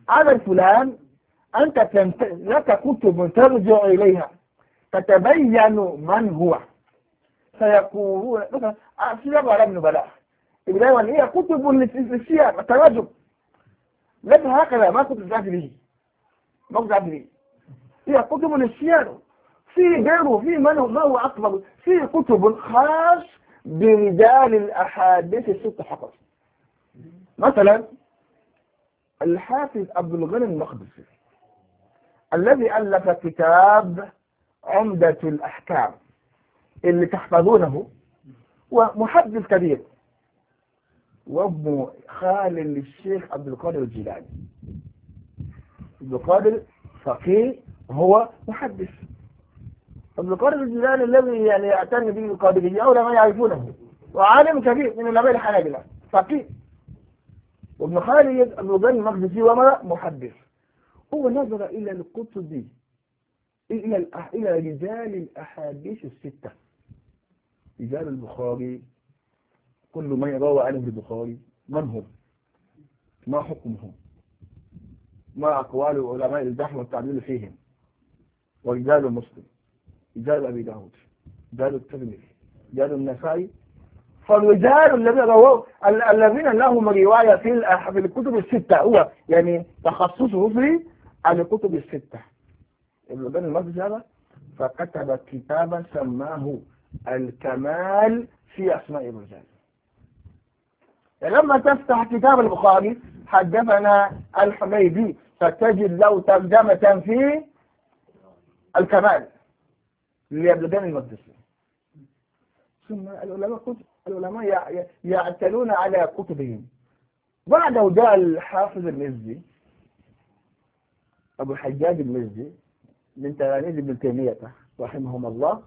على الفلان أنت لك كتب ترجع إليها تتبين من هو سيقولون مثلا آه، في على ابن بلاء إبراهيم هي كتب للسياق التراجم ليس هكذا ما كنت تعرف به ما كنت تعرف به هي كتب للسياق في غيره في من هو ما هو أكبر في كتب خاص برجال الأحاديث الست فقط مثلا الحافظ عبد الغني المقدسي الذي ألف كتاب عمدة الأحكام اللي تحفظونه ومحدث كبير وابن خال للشيخ عبد القادر الجيلاني عبد القادر فقيه هو محدث ابن قرب الجيلاني الذي يعني يعتني به القادرية ما يعرفونه وعالم كبير من النبي الحنابلة فقير وابن خالد ابن بن المقدسي وما محدث هو نظر إلى القطبي إلى إلى رجال الأحاديث الستة رجال البخاري كل من روى عنه البخاري من هم؟ ما حكمهم؟ ما أقوال علماء البحث والتعديل فيهم؟ ورجال مسلم رجال أبي داود رجال الترمذي رجال النسائي فالرجال الذين رووا الذين لهم رواية في في الكتب الستة هو يعني تخصصه في الكتب الستة ابن المسجد هذا فكتب كتابا سماه الكمال في أسماء الرجال لما تفتح كتاب البخاري حدثنا الحميدي فتجد له ترجمة في الكمال ليبلدان المقدسين ثم العلماء كتب العلماء يعتلون على كتبهم بعده جاء الحافظ المزي أبو الحجاج المزي من تلاميذ ابن تيمية رحمهم الله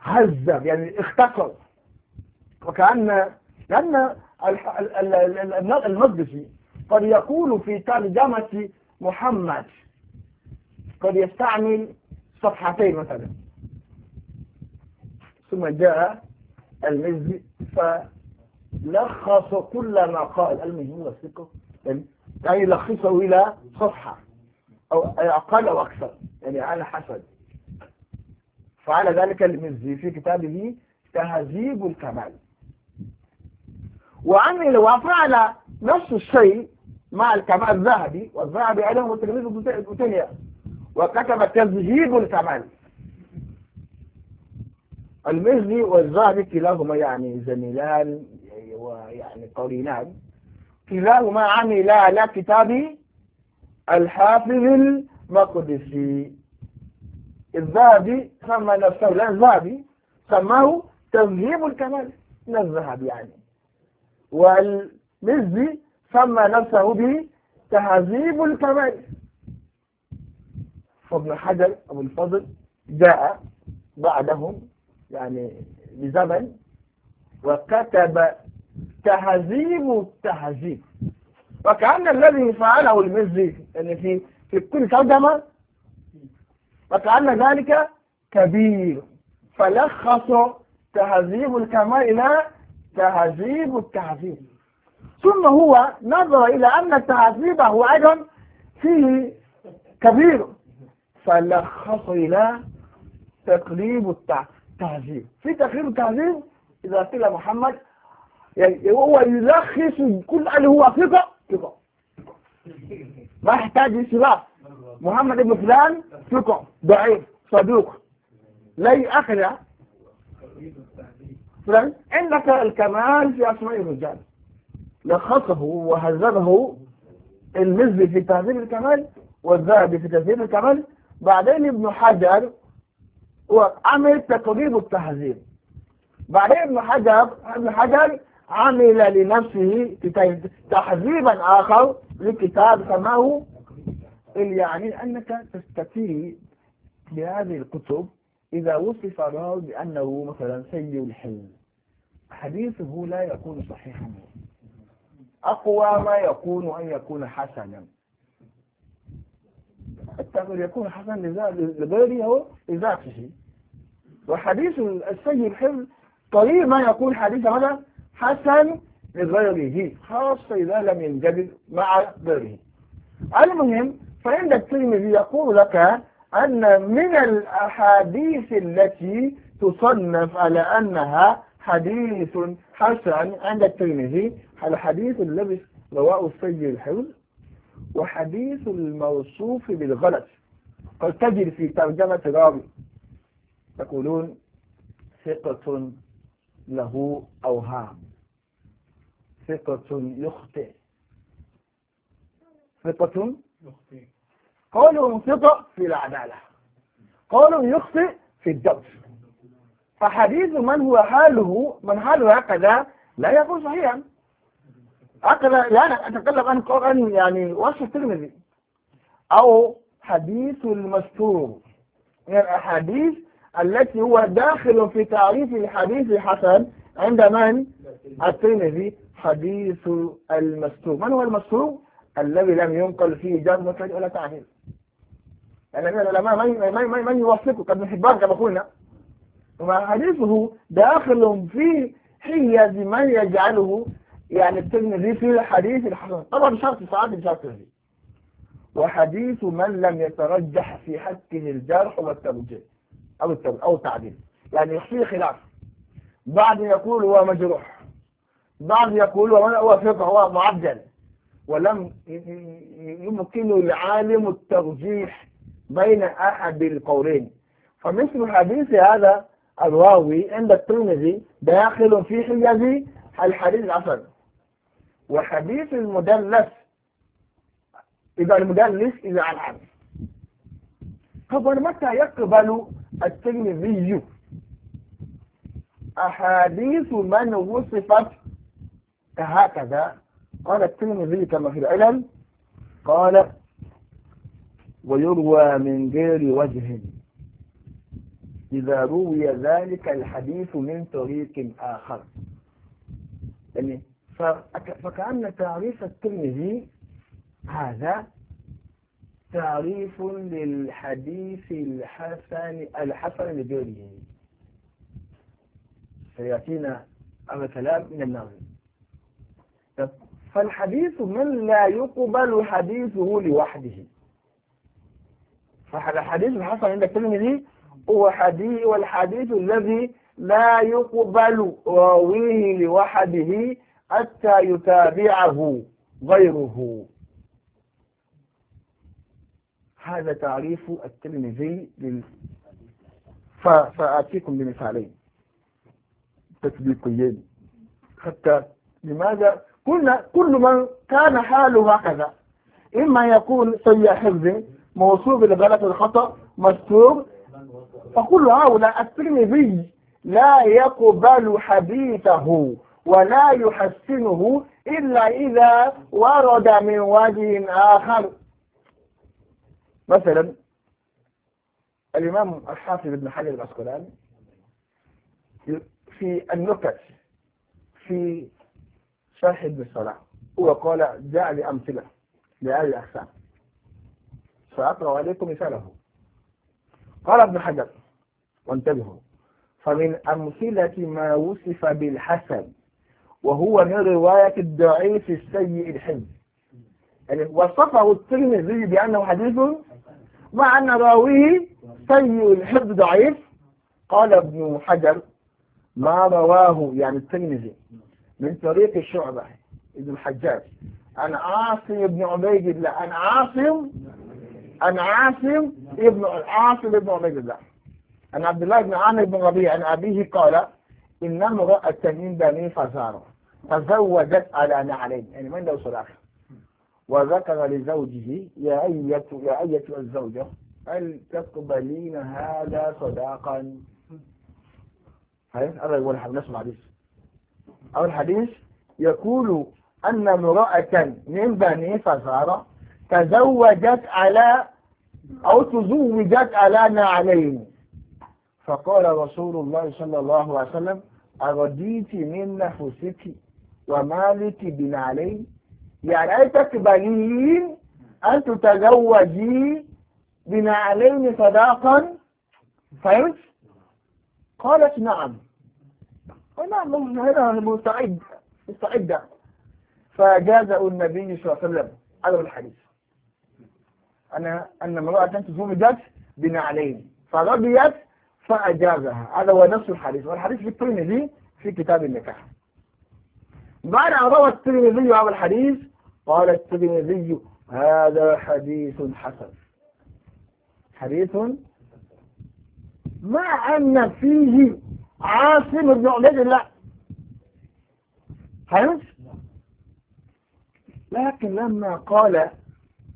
هزم يعني اختصر وكأن لأن المقدسي قد يقول في ترجمة محمد قد يستعمل صفحتين مثلا ثم جاء المزي فلخص كل ما قال المزي هو الثقة يعني, يعني لخصه إلى صفحة أو أقل أو أكثر يعني على حسب فعلى ذلك المزي في كتابه تهذيب الكمال وعمل وفعل نفس الشيء مع الكمال الذهبي والذهبي عليهم التلميذ بوتينيا ابن وكتب تذهيب كمان المزي والذهبي كلاهما يعني زميلان ويعني قرينان كلاهما عملا على كتاب الحافظ المقدسي الذهبي سمى نفسه لا الذهبي سماه تذهيب الكمال من الذهب يعني والمزي سمى نفسه بتهذيب الكمال فابن حجر أبو الفضل جاء بعدهم يعني بزمن وكتب تهذيب التهذيب وكأن الذي فعله المزي يعني في في كل ترجمة وكأن ذلك كبير فلخص تهذيب الكمال إلى تهذيب التهذيب ثم هو نظر إلى أن تهذيبه أيضا فيه كبير إلى تقريب التعذيب في تقريب التعذيب إذا قيل محمد يعني هو يلخص كل اللي هو ثقة ثقة ما يحتاج انشراح محمد بن فلان ثقة ضعيف صدوق لا يأخذ فلان عندك الكمال في أسماء الرجال لخصه وهذبه المزي في تهذيب الكمال والذهبي في تهذيب الكمال بعدين ابن حجر عمل تقريب التهذيب بعدين ابن حجر ابن حجر عمل لنفسه تحذيبا آخر لكتاب سماه اللي يعني أنك تستفيد بهذه الكتب إذا وصف الراوي بأنه مثلا سيء الحلم حديثه لا يكون صحيحا أقوى ما يكون أن يكون حسنا التعبير يكون حسن لغيره هو لذاته وحديث السيد الحفظ قليل ما يكون حديث هذا حسن لغيره خاصة إذا لم ينجذب مع غيره المهم فإن الترمذي يقول لك أن من الأحاديث التي تصنف على أنها حديث حسن عند الترمذي الحديث الذي رواه السيد الحفظ وحديث الموصوف بالغلط قد تجد في ترجمة راوي يقولون ثقة له أوهام ثقة يخطئ ثقة يخطئ قولهم ثقة في العدالة قولهم يخطئ في الدرس فحديث من هو حاله من حاله هكذا لا يكون صحيحا حتى لا أتكلم عن قرآن يعني وصف الترمذي أو حديث المستور من الأحاديث التي هو داخل في تعريف الحديث الحسن عند من؟ الترمذي حديث المستور من هو المستور؟ الذي لم ينقل فيه جرم مفرد ولا تعهيل يعني من العلماء من من من يوثقه كابن حبان كما قلنا وحديثه داخل في حيز من يجعله يعني الترمذي في حديث الحسن طبعا شرط صعب شرط دي وحديث من لم يترجح في حقه الجرح والتوجيه أو أو التعديل يعني في خلاف بعض يقول هو مجروح بعض يقول هو فقه هو معدل ولم يمكن العالم الترجيح بين أحد القولين فمثل حديث هذا الراوي عند الترمذي داخل في حجاز الحديث الحسن وحديث المدلس إذا المدلس إذا على العدل طبعا متى يقبل الترمذي أحاديث من وصفت هكذا قال الترمذي كما في العلم قال ويروى من غير وجه إذا روي ذلك الحديث من طريق آخر يعني فكأن تعريف الترمذي هذا تعريف للحديث الحسن الحسن لغيره سيأتينا هذا كلام من الناظر فالحديث من لا يقبل حديثه لوحده فالحديث الحسن عند الترمذي هو حديث والحديث الذي لا يقبل راويه لوحده حتى يتابعه غيره هذا تعريف الترمذي لل... ف... فآتيكم بمثالين تطبيقيين حتى لماذا كل كل من كان حاله هكذا إما يكون سيء حفظ موصوب بدلالة الخطأ مستور فكل هؤلاء الترمذي لا يقبل حديثه ولا يحسنه إلا إذا ورد من وجه آخر مثلا الإمام الحافظ ابن حجر العسقلان في النكت في شرح ابن الصلاة هو قال جاء أمثلة لأهل الأحسان سأقرأ عليكم مثاله قال ابن حجر وانتبهوا فمن أمثلة ما وصف بالحسن وهو من رواية الضعيف السيء الحفظ يعني وصفه الترمذي بأنه حديث مع أن راويه سيء الحفظ ضعيف قال ابن حجر ما رواه يعني الترمذي من طريق الشعبة ابن الحجاج عن عاصم بن عبيد الله عن عاصم عن عاصم ابن عاصم ابن عبيد الله عن عبد الله بن عامر بن ربيع عن أبيه قال إن امرأة من بني فزارة تزوجت على نعلين يعني من له صلاح وذكر لزوجه يا أية يا أية الزوجة هل تقبلين هذا صداقا هاي هذا هو الحديث نسمع حديث أو الحديث يقول أن امرأة من بني فزارة تزوجت على أو تزوجت على نعلين فقال رسول الله صلى الله عليه وسلم أرديت من نفسك ومالك بن علي يعني أي تقبلين أن تتزوجي بن علي صداقا فهمت؟ قالت نعم نعم هنا نعم، نعم، نعم، مستعد مستعدة فجاز النبي صلى الله عليه وسلم على الحديث أنا أن امرأة تزوجت بن علي فرضيت فأجازها هذا هو نفس الحديث والحديث في الترمذي في كتاب النكاح بعد أن روى الترمذي هذا الحديث قال الترمذي هذا حديث حسن حديث مع أن فيه عاصم بن عبيد الله فهمت؟ لكن لما قال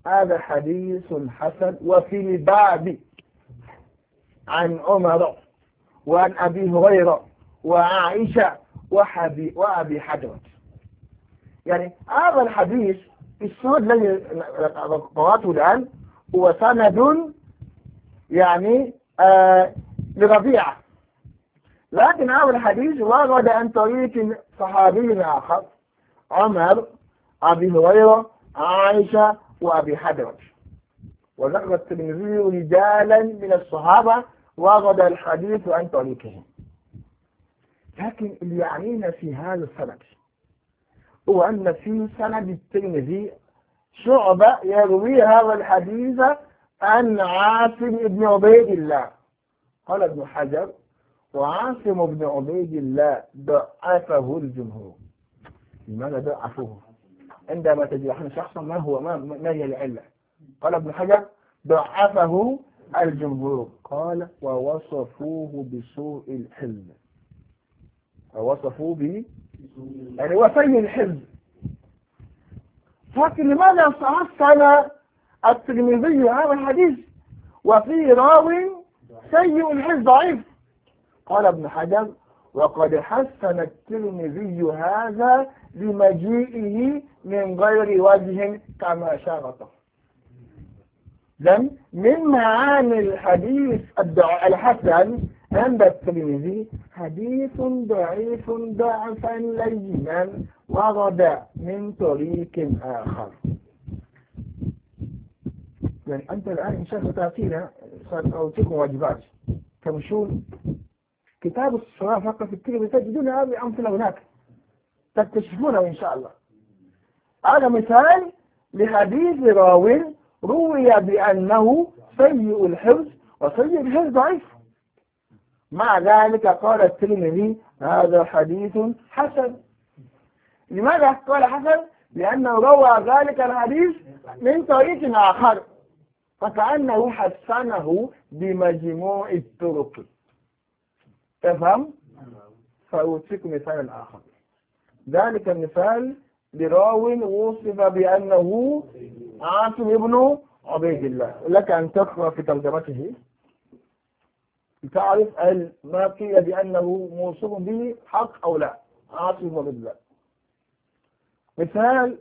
هذا حديث حسن وفي الباب عن عمر وعن أبي هريرة وعائشة وحبي وأبي حجرة يعني هذا الحديث السند الذي قراته الآن هو سند يعني آه لربيعة لكن هذا الحديث ورد عن طريق صحابي آخر عمر أبي هريرة عائشة وأبي حدرج وذكر الترمذي رجالا من الصحابة ورد الحديث عن طريقهم لكن اللي يعنينا في هذا السند هو أن في سند الترمذي شعبة يروي هذا الحديث عن عاصم بن عبيد الله قال ابن حجر وعاصم بن عبيد الله ضعفه الجمهور لماذا ضعفوه؟ عندما تجد احنا شخصا ما هو ما, ما هي العلة قال ابن حجر ضعفه الجمهور قال ووصفوه بسوء الحلم ووصفوه يعني وفي الحزب لكن لماذا تعسل الترمذي هذا الحديث وفي راوي سيء الحزب ضعيف قال ابن حجر وقد حسن الترمذي هذا لمجيئه من غير وجه كما شرط لم من معاني الحديث الحسن عند الترمذي حديث ضعيف ضعفا لينا وغدا من طريق آخر يعني أنت الآن إن شاء الله تعطينا سأعطيكم واجبات تمشون كتاب الصلاة فقط في الترمذي تجدون هذه أمثلة هناك تكتشفونه إن شاء الله هذا مثال لحديث راوي روي بأنه سيء الحفظ وسيء الحفظ ضعيف مع ذلك قال الترمذي هذا حديث حسن لماذا قال حسن؟ لأنه روى ذلك الحديث من طريق آخر فكأنه حسنه بمجموع الطرق تفهم؟ فاوصيك مثال آخر ذلك المثال لراو وصف بأنه عاصم ابن عبيد الله لك أن تقرأ في ترجمته لتعرف هل ما قيل بأنه موصوف به حق أو لا عاصف وضد مثال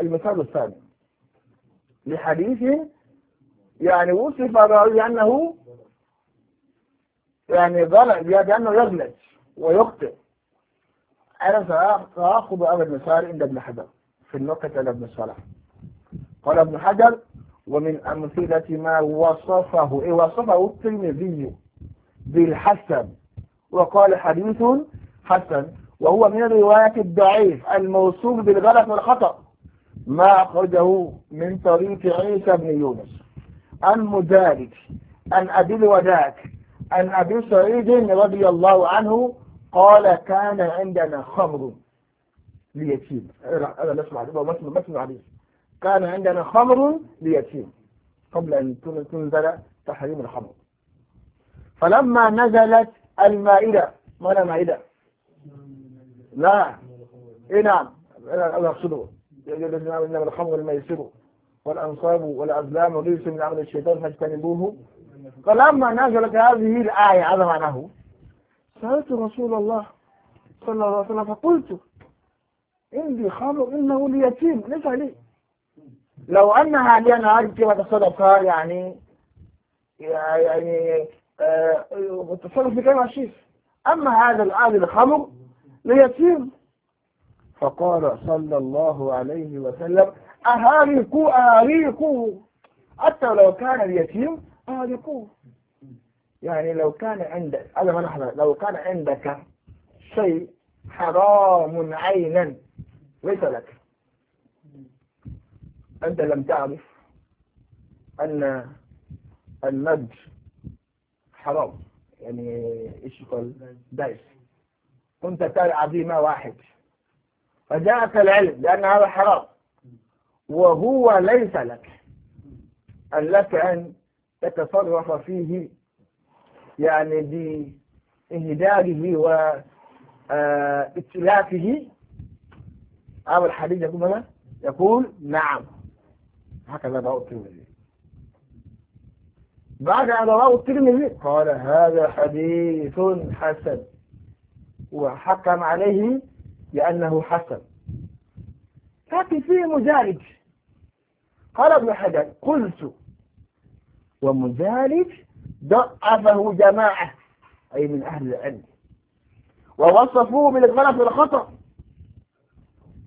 المثال الثاني لحديث يعني وصف الراوي أنه يعني ظلم بأنه يغلط ويخطئ أنا سأخذ هذا المثال عند ابن حجر في النقطة عند ابن الصلاح قال ابن حجر ومن أمثلة ما وصفه إيه وصفه الترمذي بالحسن وقال حديث حسن وهو من الرواية الضعيف الموصول بالغلط والخطأ ما أخرجه من طريق عيسى بن يونس عن مدارك عن أبي الوداك عن أبي سعيد رضي الله عنه قال كان عندنا خمر ليتيم إيه، هذا نسمع هذا مسمع مسمع عليه كان عندنا خمر ليتيم قبل أن تنزل تحريم الخمر فلما نزلت المائدة ما لا مائدة لا اي نعم أنا أقصده إنما الخمر الميسر والأنصاب والأزلام وليس من عمل الشيطان فاجتنبوه فلما نزلت هذه الآية هذا معناه سألت رسول الله صلى الله عليه وسلم فقلت عندي خمر إنه ليتيم ليس عليه لو أنها لي أنا عارف كيف أتصرف يعني يعني التصرف آه، في كلام أما هذا الآل الخمر ليسير فقال صلى الله عليه وسلم اهاريكو اهاريكو حتى لو كان اليتيم اهاريكو يعني لو كان عندك هذا ما نحن لو كان عندك شيء حرام عينا ليس لك أنت لم تعرف أن النج حرام يعني إيش يقول دايس كنت تلعب عظيمة واحد فجاءك العلم لأن هذا حرام وهو ليس لك أن لك أن تتصرف فيه يعني بإهداره وإتلافه آه، هذا الحديث يقول ماذا؟ يقول نعم هكذا رواه الترمذي بعد أن رواه الترمذي قال هذا حديث حسن وحكم عليه لأنه حسن لكن فيه مزالج قال ابن حجر قلت ومزالج ضعفه جماعة أي من أهل العلم ووصفوه بالغلط والخطأ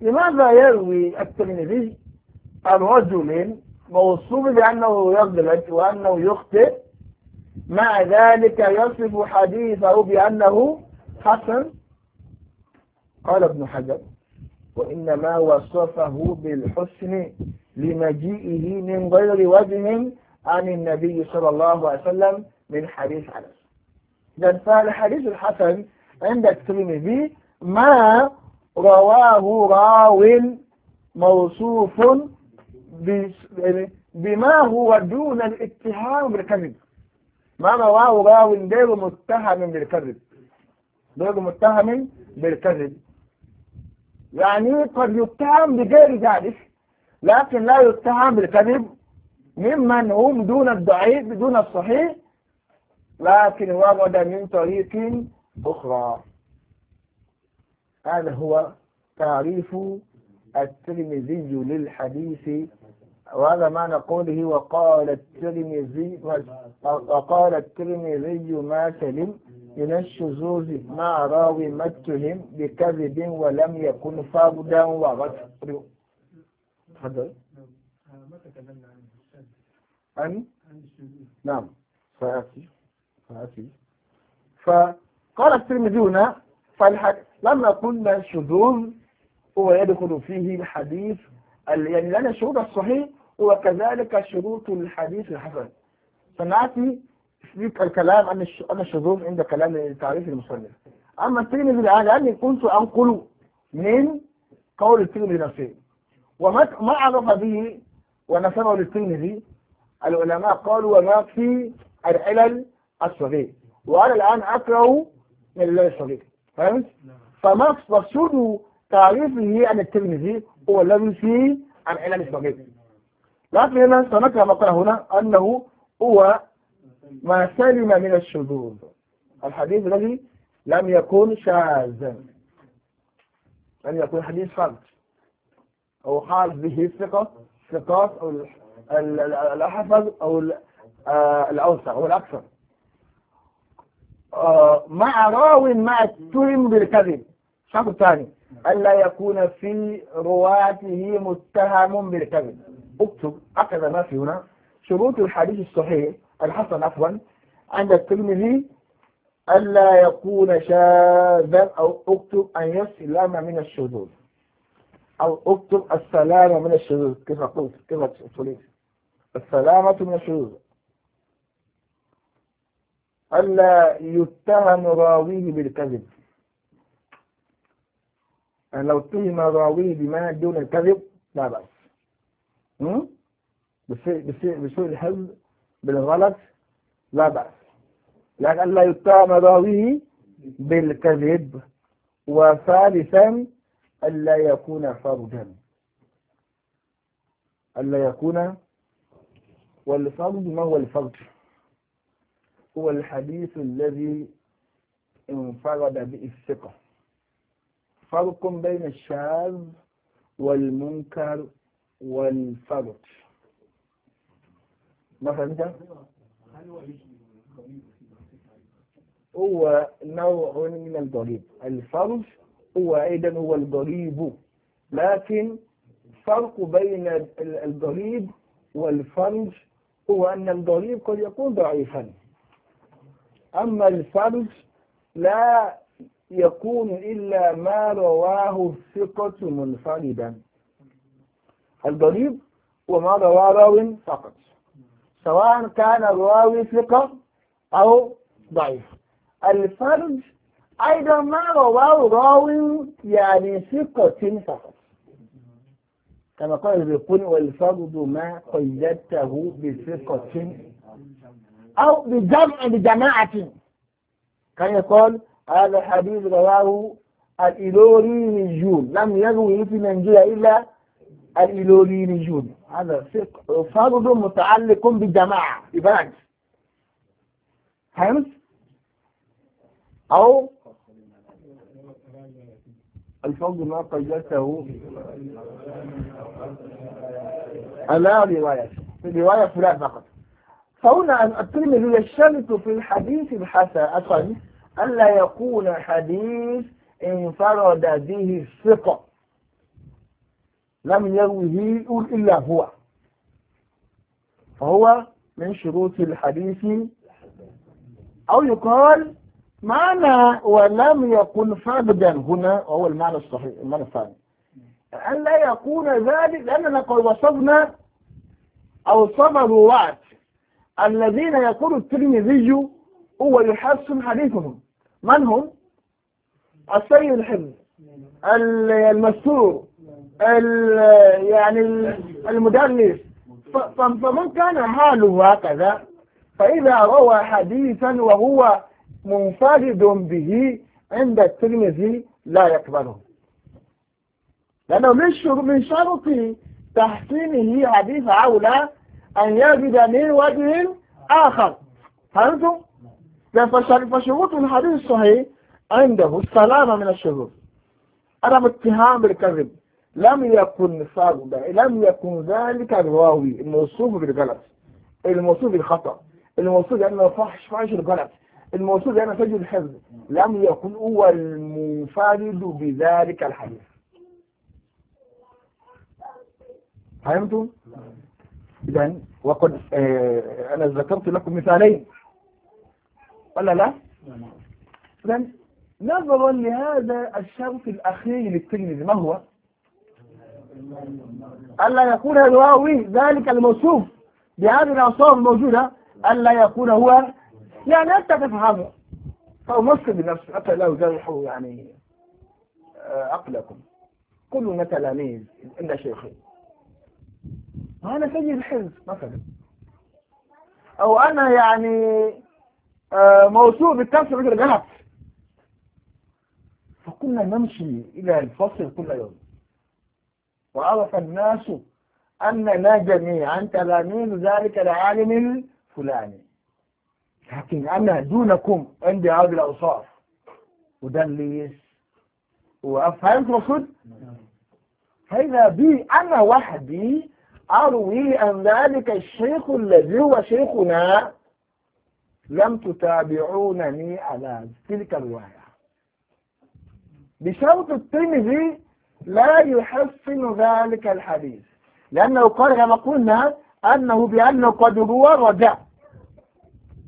لماذا يروي الترمذي عن رجل موصوف بأنه يغلط وأنه يخطئ مع ذلك يصف حديثه بأنه حسن قال ابن حجر وإنما وصفه بالحسن لمجيئه من غير وجه عن النبي صلى الله عليه وسلم من حديث أنس إذن فالحديث الحسن عند الترمذي ما رواه راو موصوف بما هو دون الاتهام بالكذب ما رواه راو غير متهم بالكذب غير متهم بالكذب يعني قد يتهم بغير ذلك لكن لا يتهم بالكذب ممن هم دون الضعيف دون الصحيح لكن ورد من طريق أخرى هذا هو تعريف الترمذي للحديث وهذا معنى قوله وقال الترمذي وقال الترمذي ما سلم من الشذوذ ما راوي ما اتهم بكذب ولم يكن فابدا وغتر تفضل ما تكلمنا عن عن نعم سياتي سياتي فقال الترمذي هنا لما قلنا شذوذ هو يدخل فيه الحديث يعني لنا الشهود الصحيح وكذلك شروط الحديث الحسن سنأتي في الكلام عن الشذوذ عند كلام تعريف المصنف أما الترمذي الآن لأني كنت أنقل من قول الترمذي نفسه وما عرف به ونسبه للترمذي العلماء قالوا وما في العلل الصغير وأنا الآن أكره من العلل الصغير فهمت؟ فما مقصود تعريفه عن الترمذي هو الذي فيه العلل الصغير لكن هنا مقرأ هنا أنه هو ما سلم من الشذوذ الحديث الذي لم يكن شاذا لم يكن حديث فرد أو حال به الثقة ثقات أو الأحفظ أو آه، الأوسع أو الأكثر آه، مع راو مع اتهم بالكذب شرط ثاني ألا يكون في رواته متهم بالكذب اكتب أكد ما في هنا شروط الحديث الصحيح الحسن عفوا عند الترمذي ألا يكون شاذا أو اكتب أن يسلم من الشذوذ أو اكتب السلامة من الشذوذ كيف قلت كيف قلت السلامة من الشذوذ ألا يتهم راويه بالكذب أن لو اتهم راويه بما دون الكذب لا بأس بسوء الحظ بالغلط لا بأس لكن ألا يتهم راويه بالكذب وثالثا ألا يكون فردا ألا يكون والفرد ما هو الفرد هو الحديث الذي انفرد به الثقة فرق بين الشاذ والمنكر والفجر ما فهمت؟ هو نوع من الضريب الفرج هو أيضا هو الضريب لكن الفرق بين الضريب والفرج هو أن الضريب قد يكون ضعيفا أما الفرج لا يكون إلا ما رواه الثقة منفردا البريد وما روى راو فقط سواء كان الراوي ثقة أو ضعيف الفرج أيضا ما رواه راوي يعني ثقة فقط كما قال يقول والفرد ما قيدته بثقة أو بجمع بجماعة كان يقول هذا الحديث رواه الإلوري من لم يروي في منجية إلا الإيلورينيون هذا فرض فرد متعلق بالجماعة ببنك فهمت؟ أو الفرد ما قيدته ألا رواية في رواية فلان فقط فهنا الترمذي يشترط في الحديث الحسن أصلا ألا يكون حديث انفرد به الثقة لم يروه إلا هو فهو من شروط الحديث أو يقال معنى ولم يكن فابدا هنا وهو المعنى الصحيح المعنى الثاني أن لا يكون ذلك لأننا قد وصفنا أوصاف الرواة الذين يقول الترمذي هو يحسن حديثهم من هم؟ السيد الحفظ المستور يعني المدرس فمن كان حاله هكذا فإذا روى حديثا وهو منفرد به عند الترمذي لا يقبله لأنه من شرط تحسينه حديث عولى أن يجد من وجه آخر فهمتم؟ فشروط الحديث الصحيح عنده السلامة من الشرور عدم اتهام بالكذب لم يكن ده لم يكن ذلك الراوي الموصوف بالغلط الموصوف بالخطأ الموصوف لأنه فحش فحش الغلط الموصوف لأنه سجل الحفظ لم يكن هو المنفرد بذلك الحديث فهمتم؟ إذا وقد آه أنا ذكرت لكم مثالين ولا لا؟ إذا نظرا لهذا الشرط الأخير للتلميذ ما هو؟ ألا يكون الواوي ذلك الموصوف بهذه الأوصاف الموجودة ألا يكون هو يعني أنت تفهمه فهو مسلم بنفسه حتى لا يجرحوا يعني آه، عقلكم كلنا تلاميذ إن شيخين وأنا سيد الحزب مثلا أو أنا يعني آه، موصوف بالكسر رجل جهت فكنا نمشي إلى الفصل كل يوم وعرف الناس أننا جميعا تلاميذ ذلك العالم الفلاني لكن أنا دونكم عندي هذه الأوصاف أدلس وأفهمت مقصود فإذا بي أنا وحدي أروي أن ذلك الشيخ الذي هو شيخنا لم تتابعونني على تلك الرواية بشرط الترمذي لا يحسن ذلك الحديث لأنه قال كما قلنا أنه بأنه قد روى رجع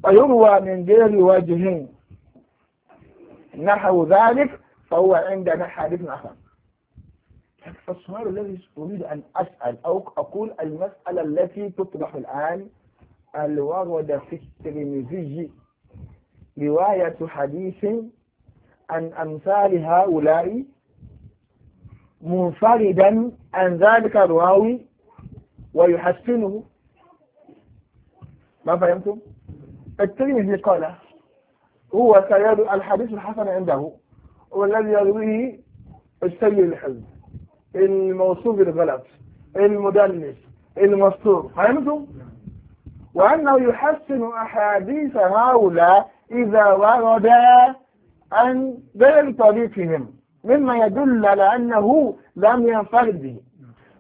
ويروى من غير وجه نحو ذلك فهو عندنا حديث آخر فالسؤال الذي أريد أن أسأل أو أقول المسألة التي تطرح الآن الورد في الترمذي رواية حديث عن أمثال هؤلاء منفردا عن ذلك الراوي ويحسنه ما فهمتم؟ الترمذي قال هو سيد الحديث الحسن عنده والذي يرويه السيء الحزب الموصوف بالغلط المدلس المستور فهمتم؟ وأنه يحسن أحاديث هؤلاء إذا ورد عن غير طريقهم مما يدل على أنه لم ينفرد به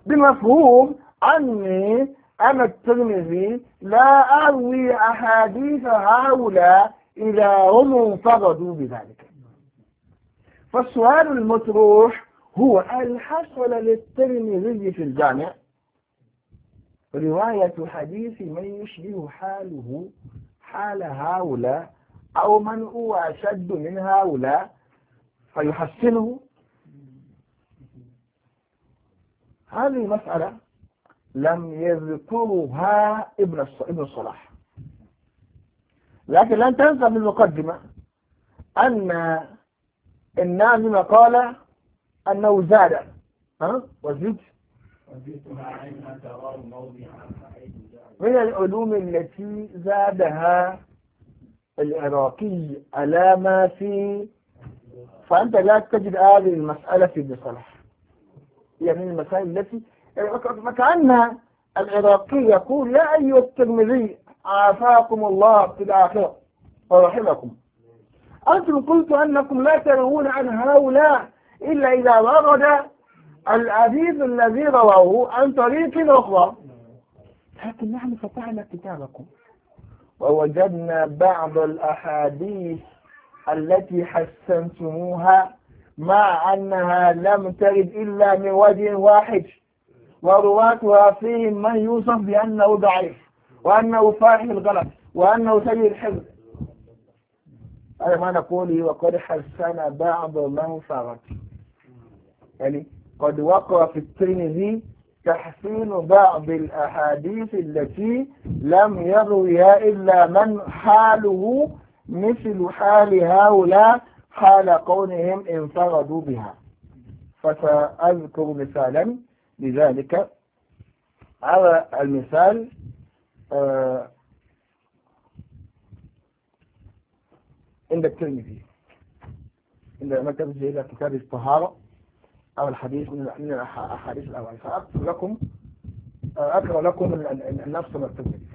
بمفهوم أني أنا الترمذي لا أروي أحاديث هؤلاء إذا هم انفردوا بذلك فالسؤال المطروح هو هل حصل للترمذي في الجامع رواية حديث من يشبه حاله حال هؤلاء أو من هو أشد من هؤلاء فيحسنه هذه مسألة لم يذكرها ابن ابن الصلاح لكن لن تنسى في المقدمة أن النازم قال أنه زاد ها وزيد من العلوم التي زادها العراقي على ما في فأنت لا تجد هذه المسألة في بصلاح هي من المسائل التي كأن العراقي يقول يا أيها الترمذي عافاكم الله في الآخرة ورحمكم أنتم قلت أنكم لا تروون عن هؤلاء إلا إذا ورد العزيز الذي رواه عن طريق أخرى لكن نحن فتحنا كتابكم ووجدنا بعض الأحاديث التي حسنتموها مع أنها لم ترد إلا من وجه واحد ورواتها فيهم من يوصف بأنه ضعيف وأنه فاحش الغلط وأنه سيء الحفظ هذا ما نقول إيه، وقد حسن بعض من فرق يعني قد وقع في الترمذي تحسين بعض الأحاديث التي لم يرويها إلا من حاله مثل حال هؤلاء حال كونهم انفردوا بها فسأذكر مثالا لذلك على المثال آه، عند الترمذي عند مكتب إلى كتاب الطهارة أو الحديث من الأحاديث الأوائل فأذكر لكم أقرأ آه، لكم النفس والترمذي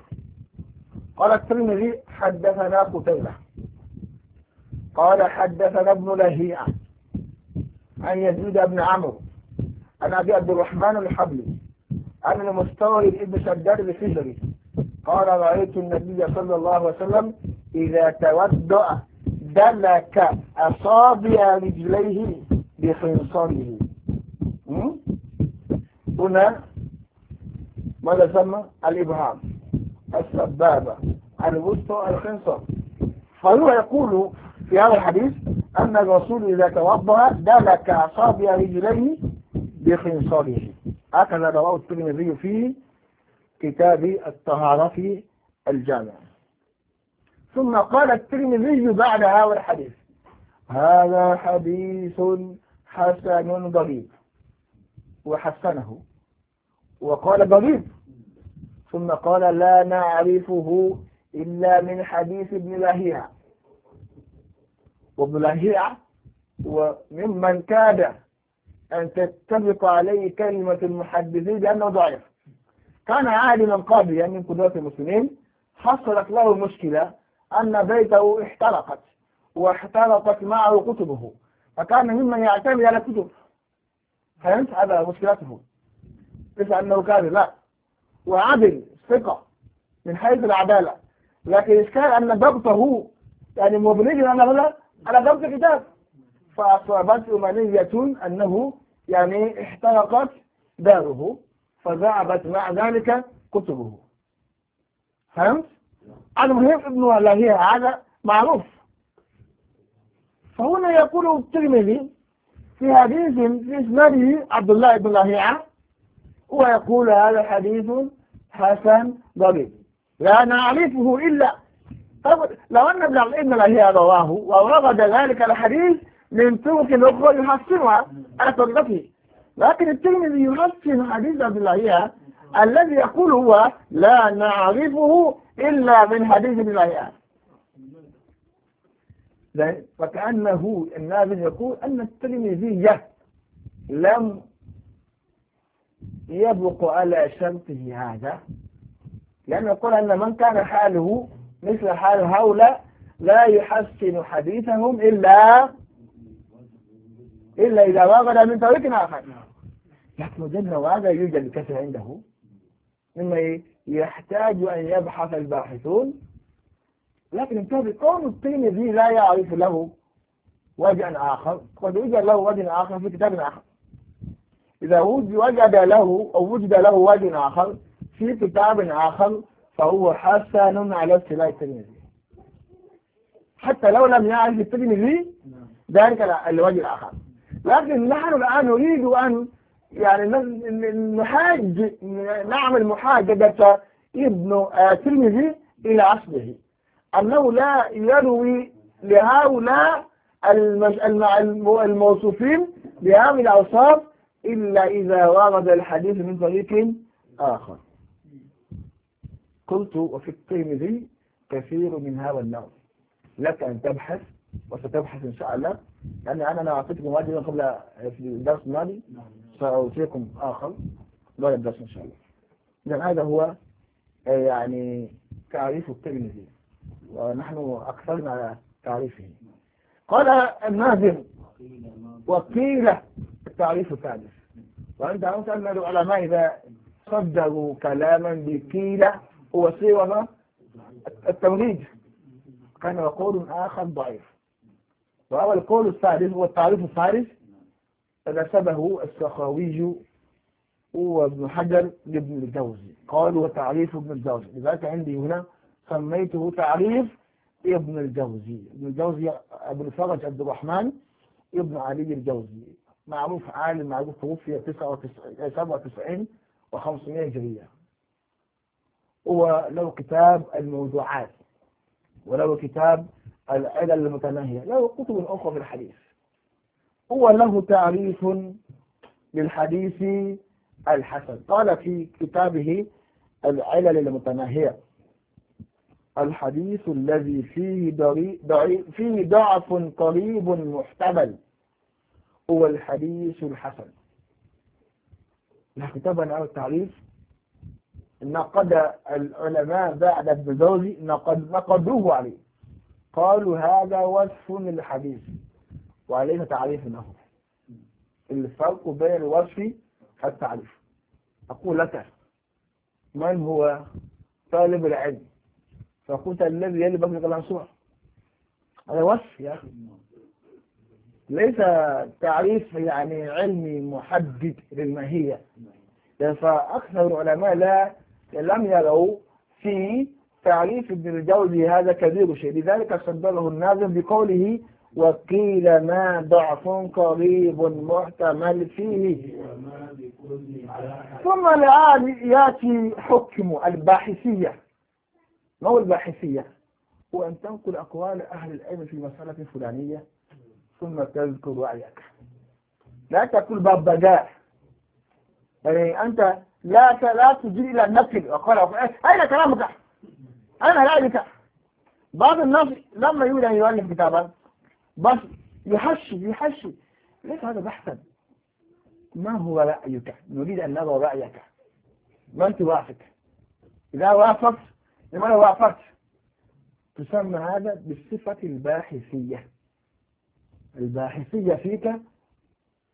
قال الترمذي حدثنا قتيبة قال حدثنا ابن لهيعة عن يزيد بن عمرو عن أبي عبد الرحمن الحبلي عن المستورد ابن شداد الحجري قال رأيت النبي صلى الله عليه وسلم إذا تودع دلك أصابع رجليه بخنصره هنا ماذا سمى الإبهام السبابة الوسطى يعني الخنصر فهو يقول في هذا الحديث أن الرسول إذا توضأ دلك أصابع رجليه بخنصره هكذا رواه الترمذي في كتاب الطهارة في الجامع ثم قال الترمذي بعد هذا الحديث هذا حديث حسن ضريب وحسنه وقال ضريب ثم قال لا نعرفه إلا من حديث ابن لهيع وابن هو وممن كاد أن تتفق عليه كلمة المحدثين بأنه ضعيف كان عالما قاضيا من قدرة المسلمين حصلت له مشكلة أن بيته احترقت واحترقت معه كتبه فكان ممن يعتمد على فهمت فينسحب مشكلته ليس أنه كاذب لا وعدل ثقة من حيث العدالة لكن إشكال أن ضبطه يعني مبني أنا هنا على ضبط الكتاب فأصابت أمانية أنه يعني احترقت داره فذهبت مع ذلك كتبه فهمت؟ المهم ابن لاهية هذا معروف فهنا يقول الترمذي في حديث في اسمه عبد الله بن لهيعة ويقول هذا حديث حسن ضبيب لا نعرفه إلا لو أن ابن العلم هي رواه وورد ذلك الحديث من طرق أخرى يحسنها أصدقه لكن الترمذي يحسن حديث عبد الله الذي يقول هو لا نعرفه إلا من حديث ابن الله فكأنه النابل يقول أن الترمذي لم يبق على شرطه هذا لأنه يقول أن من كان حاله مثل حال هؤلاء لا يحسن حديثهم إلا إلا إذا واغد من طريق آخر لكن وجدنا وهذا يوجد كثير عنده مما يحتاج أن يبحث الباحثون لكن انتبه كون الذي لا يعرف له وجه آخر قد يوجد له وجه آخر في كتاب آخر إذا وجد له أو وجد له وجه آخر في كتاب آخر فهو حسن على ابتلاء الترمذي حتى لو لم يعرف الترمذي ذلك الوجه الآخر لكن نحن الآن نريد أن يعني نحاج نعمل محاجدة ابن آه، ترمذي إلى أصله أنه لا يروي لهؤلاء الموصوفين بهذه الأوصاف إلا إذا ورد الحديث من طريق آخر قلت وفي الترمذي كثير من هذا النوع لك أن تبحث وستبحث إن شاء الله لأن أنا أعطيتكم واجبا قبل في الدرس الماضي سأعطيكم آخر بعد الدرس إن شاء الله إذا هذا هو آه، يعني تعريف الترمذي ونحن أكثرنا على تعريفه قال الناظر وقيل التعريف الثالث وأنت أنت أن العلماء إذا صدروا كلاما بكيلة هو صيغة التمريج كان قول آخر ضعيف وهو القول الثالث هو التعريف الثالث نسبه السخاوي وابن حجر لابن الجوزي قال وتعريف ابن الجوزي لذلك عندي هنا سميته تعريف ابن الجوزي ابن الجوزي ابن فرج عبد الرحمن ابن علي الجوزي معروف عالم معروف توفي 97 و500 آه، هجرية هو له كتاب الموضوعات وله كتاب العلل المتناهية له كتب أخرى في الحديث هو له تعريف للحديث الحسن قال في كتابه العلل المتناهية الحديث الذي فيه, ضعيف فيه ضعف قريب محتمل هو الحديث الحسن نحن طبعا على التعريف نقد العلماء بعد البزوزي نقد نقدوه عليه قالوا هذا وصف للحديث وليس تعريف له الفرق بين الوصف والتعريف أقول لك من هو طالب العلم فقلت الذي يلي بكر هذا وصف يا أخي ليس تعريف يعني علمي محدد للماهية فأكثر العلماء لا لم يروا في تعريف ابن الجوزي هذا كبير شيء لذلك صدره الناظم بقوله وقيل ما ضعف قريب محتمل فيه ثم الآن يأتي حكم الباحثية ما هو الباحثية هو أن تنقل أقوال أهل العلم في مسألة فلانية ثم تذكر وعيك لا تقول باب بجاء يعني أنت لا لا تجري إلى النفي وقال أين كلامك أنا لا بك بعض الناس لما يريد أن يؤلف كتابا بس يحشي يحشي ليس هذا بحثا ما هو رأيك نريد أن نرى رأيك ما أنت وافق إذا وافقت لماذا وافقت تسمى هذا بالصفة الباحثية الباحثية فيك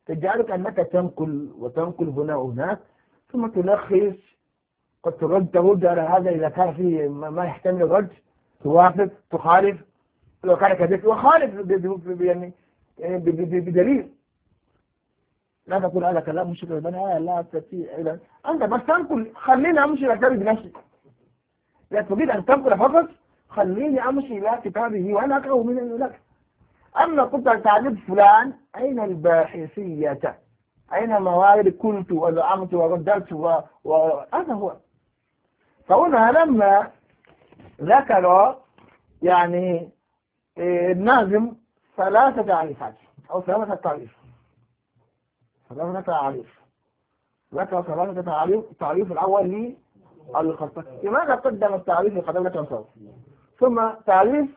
تجعلك أنك تنقل وتنقل هنا وهناك ثم تلخص قد ترد ترد على هذا إذا كان فيه ما يحتمل الرد توافق تخالف لو كان كذلك وخالف يعني, يعني بدليل لا تقول هذا كلام مشرك ربنا لا تأتي إلى أنت بس تنقل خليني أمشي إلى كتابي بنفسي لا تريد أن تنقل فقط خليني أمشي إلى كتابه وأنا أكره منه لك أما قلت تعليم فلان أين الباحثية أين موارد كنت وزعمت ورددت و... و... هذا هو فهنا لما ذكر يعني إيه، الناظم ثلاثة تعريفات أو ثلاثة تعريف ثلاثة تعريف ذكر ثلاثة تعريف التعريف الأول للخلطة لماذا قدم التعريف الخلطة والصوت ثم تعريف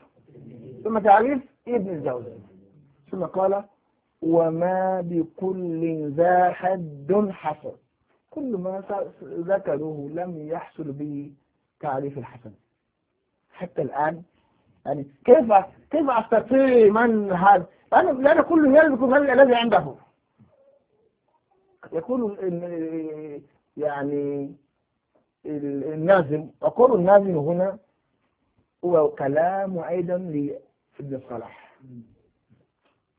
ثم تعريف ابن الجوزي ثم قال وما بكل ذا حد حصل كل ما ذكروه لم يحصل به تعريف الحسن حتى الآن يعني كيف كيف أستطيع من هذا أنا لأن كل من الذي عنده يكون يعني النازم أقول النازم هنا هو كلام أيضا ابن صلاح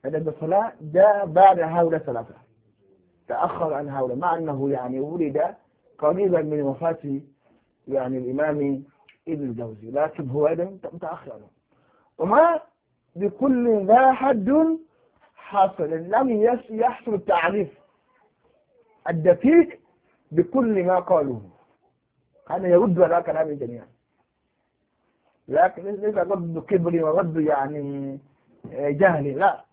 هذا ابن صلاح جاء بعد هؤلاء الثلاثة تأخر عن هؤلاء مع أنه يعني ولد قريبا من وفاة يعني الإمام ابن الجوزي لكن هو أيضا متأخر عنه وما بكل ذا حد حصل لم يحصل التعريف الدقيق بكل ما قالوه كان يرد على كلام الجميع لكن ليس رد كبري ورد يعني آه، جهلي لا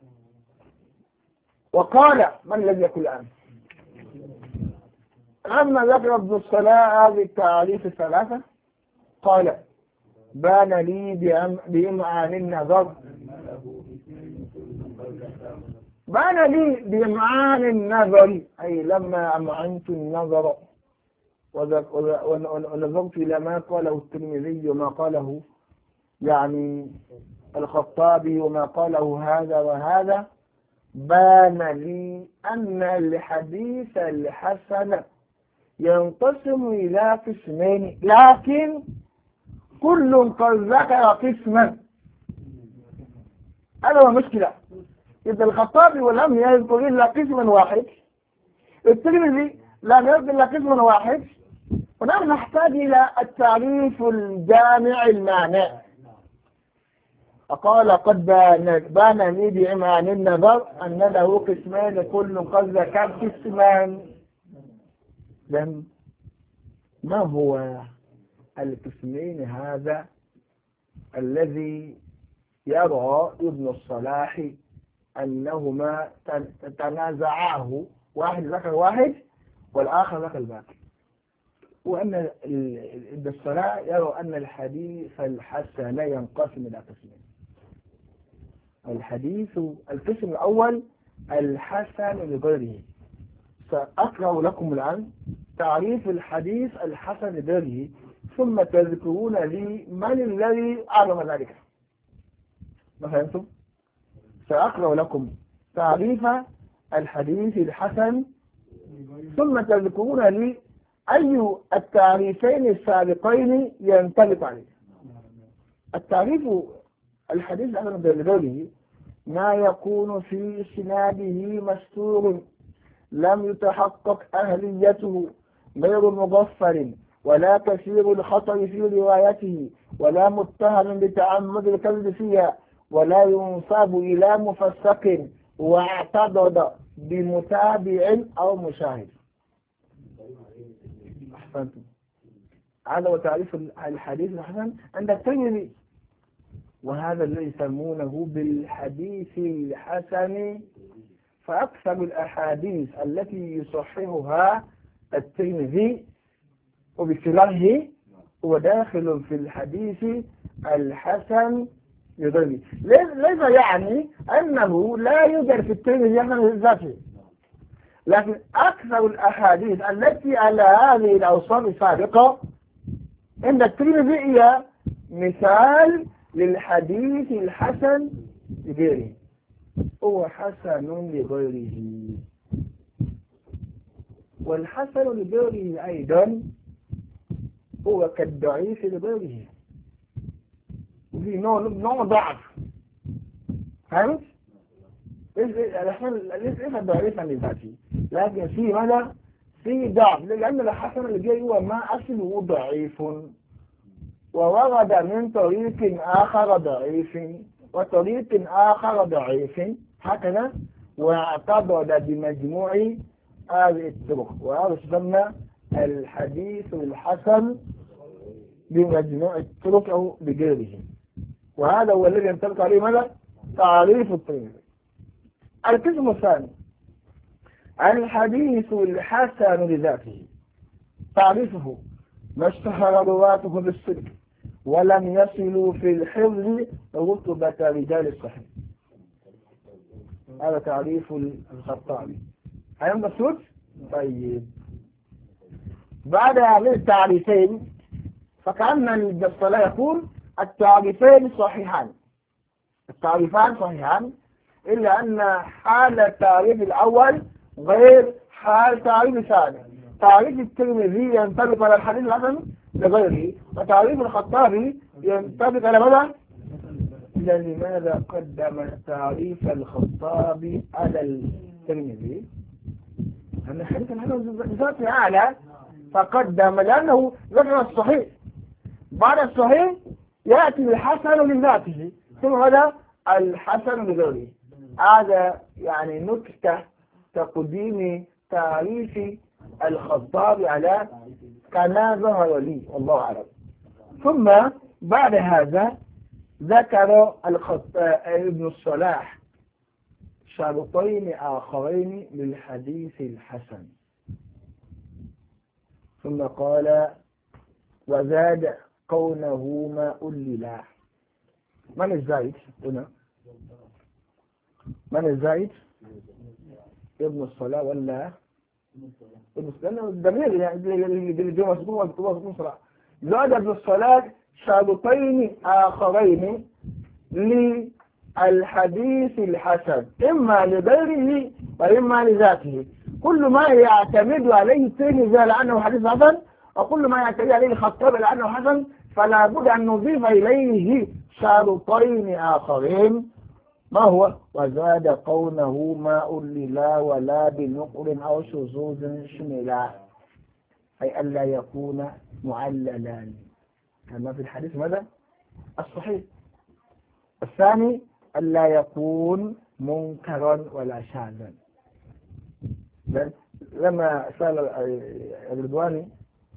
وقال من لم يكن الآن لما ذكر ابن الصلاة هذه الثلاثة قال بان لي بإمعان النظر بان لي بإمعان النظر أي لما أمعنت النظر ونظرت إلى ما قاله الترمذي وما قاله يعني الخطابي وما قاله هذا وهذا بان لي أن الحديث الحسن ينقسم إلى قسمين لكن كل قد ذكر قسما هذا هو المشكلة إذا الخطابي ولم يذكر إلا قسما واحد الترمذي لم يذكر إلا قسما واحد ونحن نحتاج إلى التعريف الجامع المعنى فقال قد بان لي بعمان النظر أن له قسمان كل قد كم قسمان إذا ما هو القسمين هذا الذي يرى ابن الصلاح أنهما تنازعاه واحد ذكر واحد والآخر ذكر الباقي وأن ابن الصلاح يرى أن الحديث الحسن لا ينقسم إلى قسمين الحديث القسم الأول الحسن بغيره سأقرأ لكم الآن تعريف الحديث الحسن بغيره ثم تذكرون لي من الذي أعلم ذلك ما فهمتم؟ سأقرأ لكم تعريف الحديث الحسن ثم تذكرون لي أي التعريفين السابقين ينطلق عليه التعريف الحديث عن غيره ما يكون في سناده مستور لم يتحقق أهليته غير مغفر ولا كثير الخطر في روايته ولا متهم بتعمد الكذب فيها ولا ينصاب إلى مفسق واعتضد بمتابع أو مشاهد أحسنتم هذا هو تعريف الحديث الحسن عند الترمذي وهذا الذي يسمونه بالحديث الحسن فأكثر الأحاديث التي يصححها الترمذي وبصلاحه هو داخل في الحديث الحسن يضربي ليس يعني أنه لا يدر في الترمذي حسن الذاتي لكن أكثر الأحاديث التي على هذه الأوصاف السابقة عند الترمذي هي مثال للحديث الحسن لغيره هو حسن لغيره والحسن لغيره أيضا هو كالضعيف لغيره وفي نوع نوع ضعف فهمت؟ ليس ضعيفا لذاته لكن في ماذا؟ في ضعف لأن الحسن الجاي هو ما أصله ضعيف وورد من طريق آخر ضعيف وطريق آخر ضعيف هكذا واعتبر بمجموع هذه الطرق وهذا يسمى الحديث الحسن بمجموع الطرق أو بغيره وهذا هو الذي ينطبق عليه ماذا؟ تعريف الطريق القسم الثاني الحديث الحسن لذاته تعريفه ما اشتهر رواته بالصدق ولم يصلوا في الحفظ رتبة رجال الصحيح هذا تعريف الخطابي هل مسعود طيب بعد هذين التعريفين فكأن الصلاة يقول التعريفين صحيحان التعريفان صحيحان إلا أن حال التعريف الأول غير حال تعريف الثاني تعريف الترمذي ينطبق على الحديث الحسن لغيره فتعريف الخطابي ينطبق على ماذا؟ إذا يعني لماذا قدم تعريف الخطابي على الترمذي؟ أن حديث هذا بذاته أعلى فقدم لأنه ذكر الصحيح بعد الصحيح يأتي الحسن لذاته ثم هذا الحسن لغيره هذا يعني نكتة تقديم تعريف الخطاب على كما ظهر لي والله أعلم ثم بعد هذا ذكر ابن الصلاح شرطين آخرين للحديث الحسن ثم قال وزاد كونه ما أللا من الزايد هنا من الزايد ابن الصلاة ولا لأنه ضمير للجمعة سكون ومكتوبة مصرع زاد ابن الصلاة شرطين آخرين للحديث الحسن إما لغيره وإما لذاته كل ما يعتمد عليه زال لأنه حديث حسن وكل ما يعتمد عليه الخطاب لأنه حسن فلا بد أن نضيف إليه شرطين آخرين ما هو وزاد قوله ماء للا ولا بنقر أو شذوذ شملا أي ألا يكون معللان كما في الحديث ماذا الصحيح الثاني ألا يكون منكرا ولا شاذا لما سأل الردواني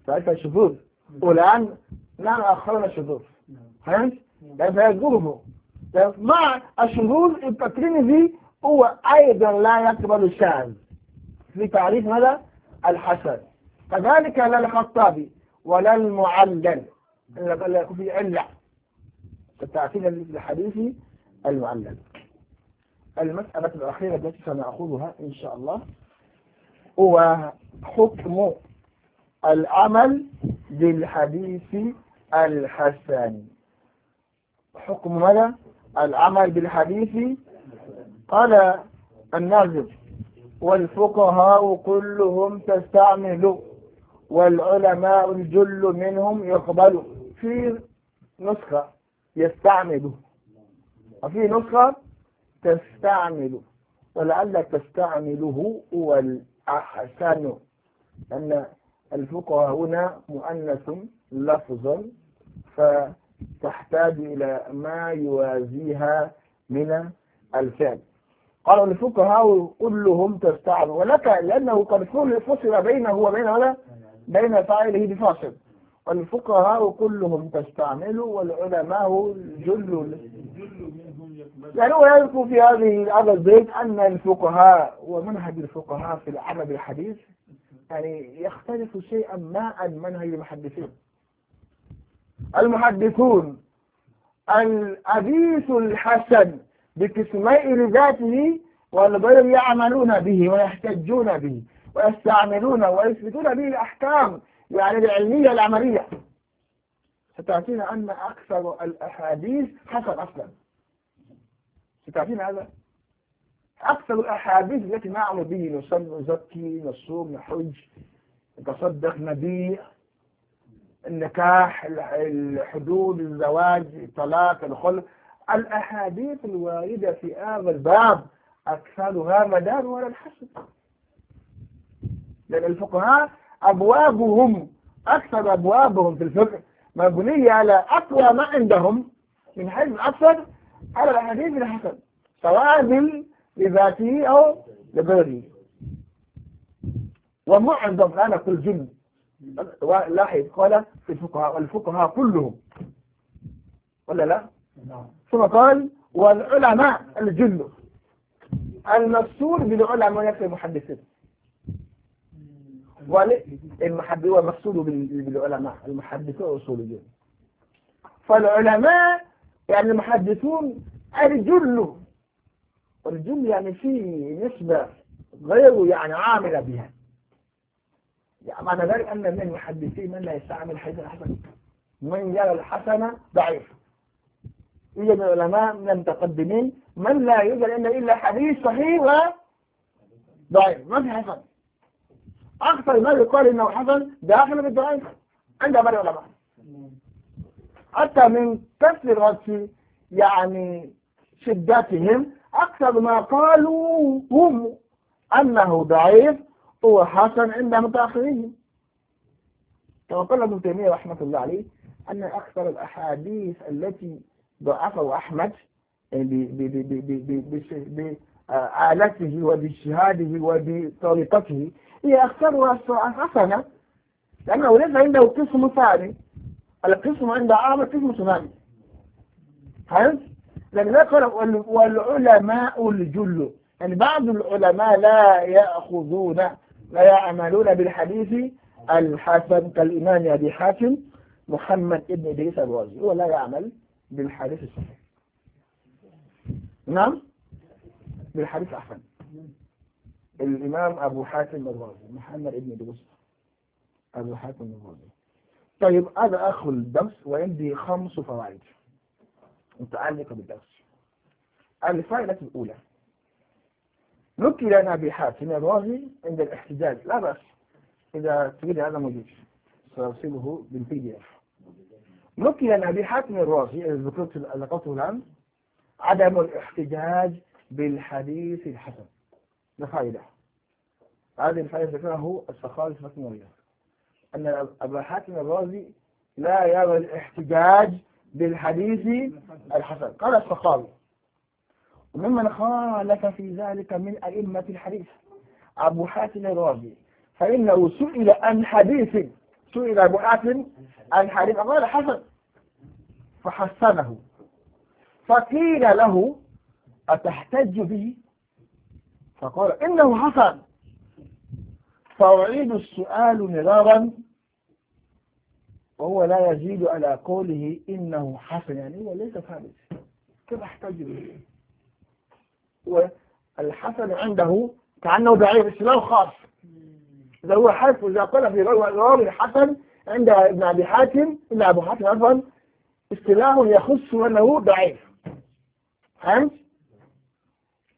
سألت الشذوذ والآن نعم أخرنا الشذوذ فهمت؟ فيجوز مع الشذوذ الترمذي هو أيضا لا يقبل الشاذ في تعريف ماذا؟ الحسن كذلك لا الخطابي ولا المعلل لا يكون في علة التعقيد الحديثي المعلل المسألة الأخيرة التي سنأخذها إن شاء الله هو حكم العمل بالحديث الحسن حكم ماذا؟ العمل بالحديث قال الناظر والفقهاء كلهم تستعمل والعلماء الجل منهم يقبل في نسخة يستعمل وفي نسخة تستعمل ولعل تستعمله هو الأحسن أن الفقهاء هنا مؤنث لفظا ف تحتاج إلى ما يوازيها من الفعل قالوا الفقهاء كلهم تستعب ولك لأنه قد فصل بينه وبين ولا بين فاعله بفاصل والفقهاء كلهم تستعمل والعلماء جل يعني هو يذكر في هذه هذا البيت أن الفقهاء ومنهج الفقهاء في العمل الحديث يعني يختلف شيئا ما عن منهج المحدثين المحدثون الحديث الحسن بقسمي ذاته والغير يعملون به ويحتجون به ويستعملون ويثبتون به الأحكام يعني العلمية العملية ستعطينا أن أكثر الأحاديث حسن أصلا ستعطينا هذا أكثر الأحاديث التي نعمل به نصلي نزكي نصوم نحج نتصدق نبيع النكاح الحدود الزواج الطلاق الخلع الأحاديث الواردة في هذا الباب أكثرها مدار ولا الحسد لأن الفقهاء أبوابهم أكثر أبوابهم في الفقه مبنية على أقوى ما عندهم من حيث الأكثر على الأحاديث الحسن سواء لذاته أو لغيره ومعظم أنا كل جن لاحظ قال في الفقهاء والفقهاء كلهم ولا لا ثم قال والعلماء الجل المفسور بالعلماء يكفي المحدثين والمحدث والمقصود بالعلماء المحدثون اصوليين فالعلماء يعني المحدثون الجل والجل يعني في نسبة غير يعني عاملة بها يعني معنى ذلك أن من المحدثين من لا يستعمل حديث الحسن من يرى الحسن ضعيف يوجد العلماء من المتقدمين من لا يوجد عندنا إلا حديث صحيح و ضعيف ما في حسن أكثر ما يقال إنه حسن داخل بالضعيف عند بعض العلماء حتى من كثرة يعني شدتهم أكثر ما قالوا هم أنه ضعيف هو حسن عند متأخرين وقال ابن تيمية رحمة الله عليه أن أكثر الأحاديث التي ضعفه أحمد يعني بآلته وباجتهاده وبطريقته هي أكثرها حسنة لأنه ليس عنده قسم ثاني القسم عند عامة قسم ثاني فهمت؟ لأن يقول والعلماء الجل يعني بعض العلماء لا يأخذون لا يعملون بالحديث الحسن كالإمام أبي حاتم محمد ابن إدريس الرازي ولا يعمل بالحديث الصحيح نعم بالحديث أحسن الإمام أبو حاتم الرازي محمد ابن إدريس أبو حاتم الرازي طيب هذا أخو الدرس وعندي خمس فوائد متعلقة بالدرس الفائدة الأولى نكل لنا أبي حاتم الرازي عند الاحتجاج لا بأس إذا تريد هذا موجود سأرسله بالبي دي إف نقل لنا أبي حاتم الرازي الذي ذكرت ذكرته الآن عدم الاحتجاج بالحديث الحسن لفائدة فائدة هذه الفائدة ذكرها السخاوي في متن أن أبا حاتم الرازي لا يرى الاحتجاج بالحديث الحسن قال السخاوي وممن خالف في ذلك من أئمة الحديث أبو حاتم الرازي فإنه سئل عن حديث سئل أبو حاتم عن حديث قال حسن فحسنه فقيل له أتحتج به فقال إنه حسن فأعيد السؤال مرارا وهو لا يزيد على قوله إنه حسن يعني هو ليس ثابت كيف أحتج به والحسن عنده كأنه ضعيف السلام خاص إذا هو حرف إذا قال في راوي الحسن عند ابن أبي حاتم ابن أبو حاتم عفوا اصطلاح يخص أنه ضعيف فهمت؟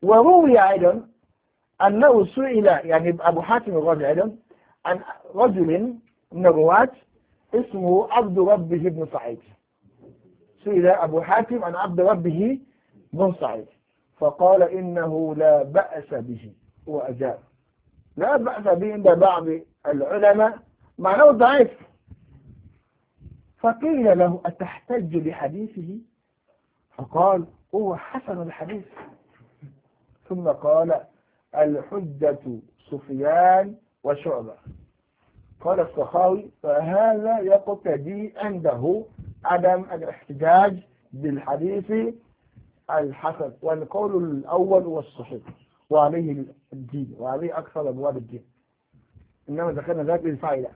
وروي أيضا أنه سئل يعني أبو حاتم الرازي أيضا عن رجل من الرواة اسمه عبد ربه بن سعيد سئل أبو حاتم عن عبد ربه بن سعيد فقال إنه لا بأس به وأجاب لا بأس به عند بعض العلماء معناه ضعيف فقيل له أتحتج بحديثه فقال هو حسن الحديث ثم قال الحجة سفيان وشعبة قال السخاوي فهذا يقتدي عنده عدم الاحتجاج بالحديث الحسن والقول الأول والصحيح وعليه الدين وعليه أكثر أبواب الدين إنما ذكرنا ذلك للفائدة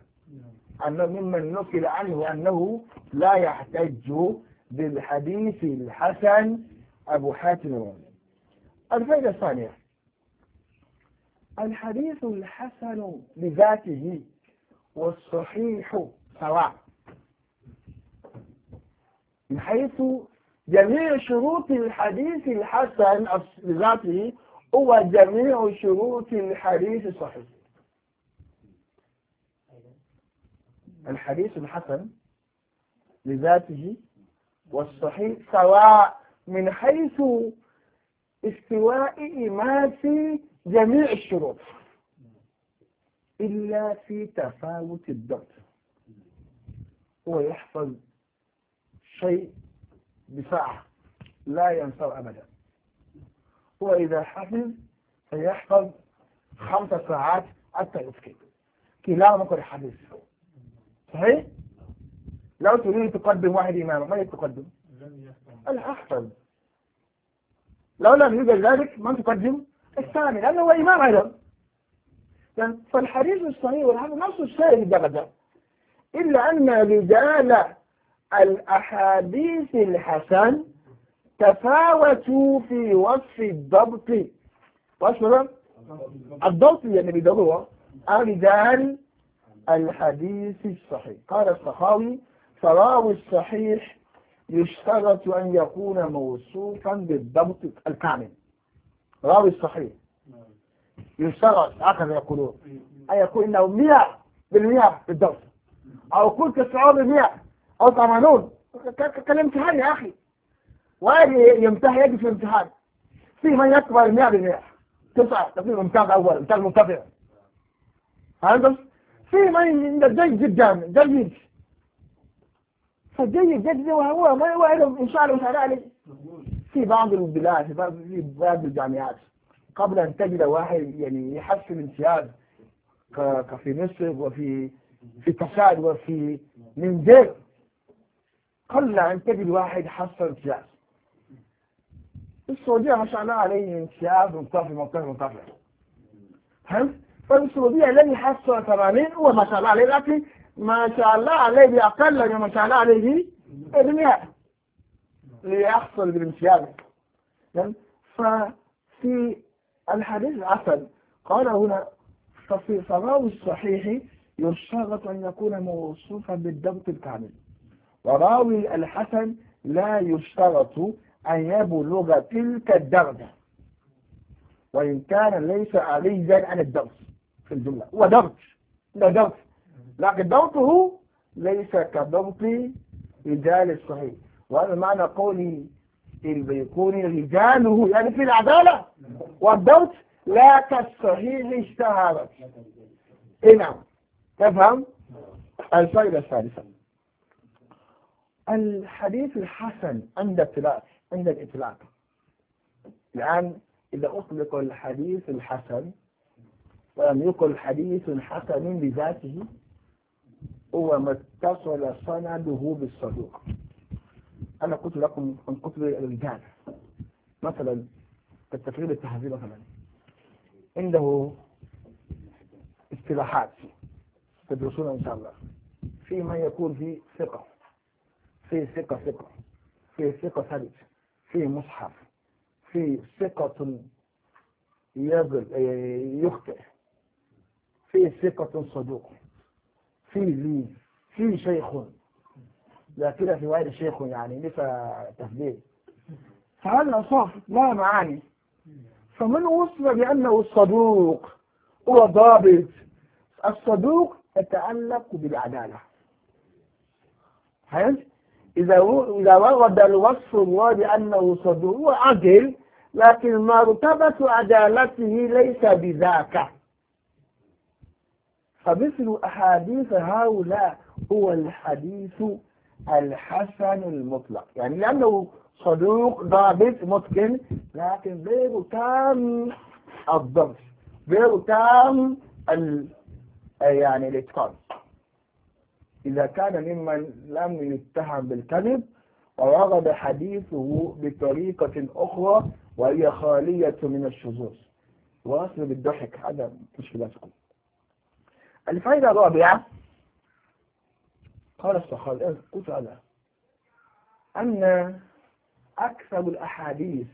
أنه ممن نقل عنه أنه لا يحتج بالحديث الحسن أبو حاتم الرازي الفائدة الثانية الحديث الحسن بذاته والصحيح سواء من حيث جميع شروط الحديث الحسن بذاته هو جميع شروط الحديث الصحيح الحديث الحسن لذاته والصحيح سواء من حيث استواء في جميع الشروط إلا في تفاوت الضبط هو يحفظ شيء بساعة لا ينسى أبدا وإذا حفظ فيحفظ خمس ساعات حتى يسكت كلاهما قد حفظ صحيح؟ لو تريد تقدم واحد إمامه ما تقدم؟ الأحفظ لو لم يوجد ذلك من تقدم؟ الثاني لأنه هو إمام أيضا فالحديث الصحيح والحديث نفس الشيء اللي إلا أن رجال الأحاديث الحسن تفاوتوا في وصف الضبط وصف الضبط يعني بالضبط الرجال الحديث الصحيح قال الصحاوي فراوي الصحيح يشترط أن يكون موصوفا بالضبط الكامل راوي الصحيح يشترط هكذا يقولون أن يكون إنه 100% بالضبط أو كل 90% أو طمانون امتحان يا أخي وين يمتحن يجي في الامتحان في من يكبر 100% تسعة تقريبا ممتاز أول ممتاز مرتفع فهمت في من جيد جدا جيد فجيد جدا وهو ما يعرف إن شاء الله مش عليه في بعض البلاد في بعض الجامعات قبل أن تجد واحد يعني يحسن امتياز كفي مصر وفي في تشاد وفي جيش قل عن تجد واحد حصل انتشاف السعودية ما شاء الله عليه انتشاف ومطفي ومطفي ومطفي فهمت؟ فالسعودية الذي حصل ثمانين هو ما شاء الله عليه لكن ما شاء الله عليه بأقل ما شاء الله عليه ارمياء ليحصل هم؟ ففي الحديث الحسن قال هنا ففي صلاة الصحيح يشترط أن يكون موصوفا بالضبط الكامل وراوي الحسن لا يشترط أن يبلغ تلك الدرجة وإن كان ليس عليا عن الدرس في الجملة هو درس لا درس لكن درسه ليس كضبط رجال الصحيح وهذا معنى قولي بيكون رجاله يعني في العدالة والضبط لا كالصحيح اشتهرت إيه نعم تفهم الفائدة الثالثة الحديث الحسن عند الاطلاق عند الإطلاق الآن إذا أطلق الحديث الحسن ولم يقل حديث حسن بذاته هو ما اتصل سنده بالصدوق أنا قلت لكم ان كتب الرجال مثلا التفريغ التهذيب مثلا عنده اصطلاحات تدرسونها إن شاء الله فيما يكون في ثقة فيه ثقة ثقة فيه ثقة ثابت فيه مصحف فيه ثقة يغل آه، يخطئ فيه ثقة صدوق فيه لي فيه شيخ لا كده في وعيد شيخ يعني ليس تفديد فهذا صح لا معاني فمن وصل بأنه الصدوق هو ضابط الصدوق يتعلق بالعدالة هل إذا ورد الوصف الله بأنه صدوق وعدل لكن مرتبة عدالته ليس بذاك فمثل أحاديث هؤلاء هو الحديث الحسن المطلق يعني لأنه صدوق ضابط متقن لكن غير تام الضبط غير تام يعني الاتقان إذا كان ممن لم يتهم بالكذب ورغب حديثه بطريقة أخرى وهي خالية من الشذوذ واصل بالضحك هذا مشكلتكم الفائدة الرابعة قال الصحابي إيه، قلت هذا أن أكثر الأحاديث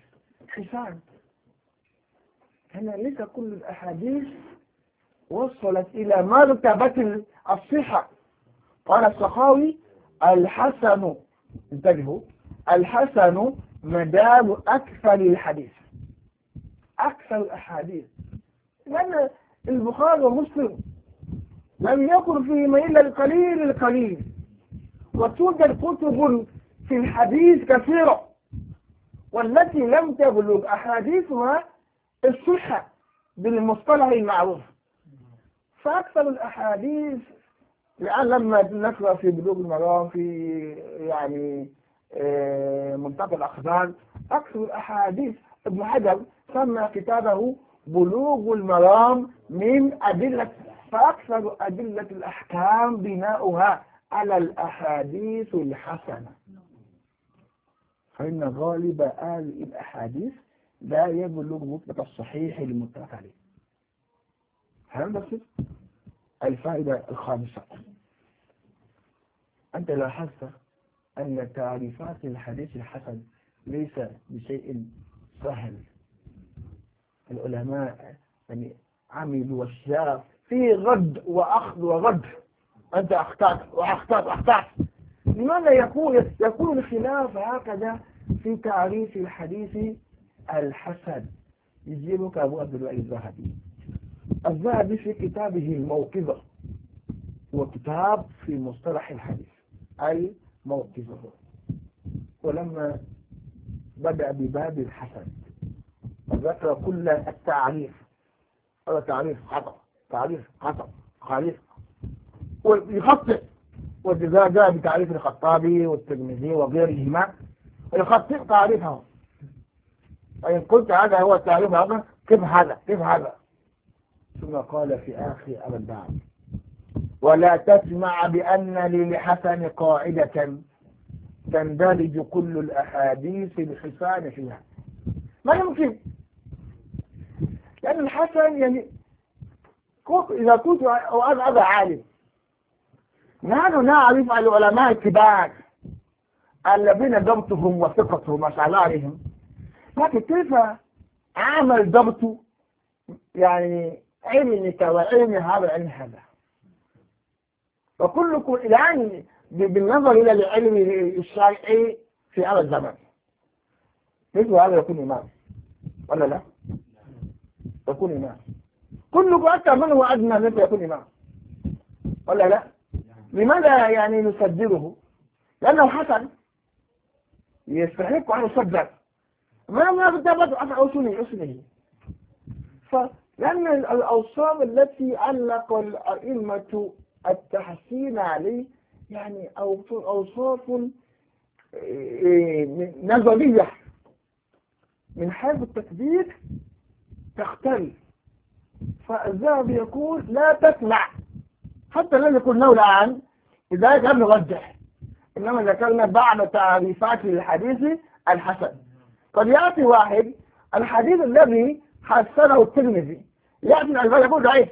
حسان هنا ليس كل الأحاديث وصلت إلى مرتبة الصحة قال السخاوي الحسن انتبهوا الحسن مدار أكثر الحديث أكثر الأحاديث لأن البخاري ومسلم لم يكن فيهما إلا القليل القليل وتوجد كتب في الحديث كثيرة والتي لم تبلغ أحاديثها الصحة بالمصطلح المعروف فأكثر الأحاديث الآن لما نقرأ في بلوغ المرام في يعني آه، منطقة الأخبار أكثر الأحاديث ابن حجر سمى كتابه بلوغ المرام من أدلة فأكثر أدلة الأحكام بناؤها على الأحاديث الحسنة فإن غالب آل الأحاديث لا يبلغ مطلق الصحيح المتفق عليه هل هذا الفائدة الخامسة أنت لاحظت أن تعريفات الحديث الحسن ليس بشيء سهل العلماء يعني عملوا واشتغلوا في رد وأخذ ورد أنت أخطأت وأخطأت وأخطأت لماذا يكون يكون الخلاف هكذا في تعريف الحديث الحسن يجيبك أبو عبد الوهاب الذهبي الذهبي في كتابه الموقظة وكتاب في مصطلح الحديث أي موقظة ولما بدأ بباب الحسن ذكر كل التعريف هذا تعريف خطأ تعريف خطأ تعريف ويخطئ وإذا جاء بتعريف الخطابي والترمذي وغيرهما يخطئ تعريفه فإن قلت هذا هو التعريف هذا كيف هذا كيف هذا ثم قال في آخر أربعة ولا تسمع بأن للحسن قاعدة تندرج كل الأحاديث الحسان فيها ما يمكن لأن الحسن يعني إذا كنت وأنا أبا عالم نحن نعرف العلماء الكبار الذين ضبطهم وثقتهم وشعلارهم لكن كيف عمل ضبط يعني علمك وعلم هذا وعلم هذا وكلكم الآن بالنظر إلى العلم الشرعي في هذا الزمن مثل هذا يكون إمام ولا لا؟ يكون إمام كلكم حتى من هو أدنى منك يكون إمام ولا لا؟ لماذا يعني نصدره؟ لأنه حسن يستحق أن يصدق ما ما بدي أصل اسمه أصله لأن الأوصاف التي علق الأئمة التحسين عليه يعني أوصاف آه، نظرية من حيث التكبير تختل فالذهب يقول لا تسمع حتى لم يكن له الآن لذلك لم نرجح إنما ذكرنا بعض تعريفات للحديث الحسن قد يأتي واحد الحديث الذي حسنه الترمذي يأتي ابن الألبان يقول ضعيف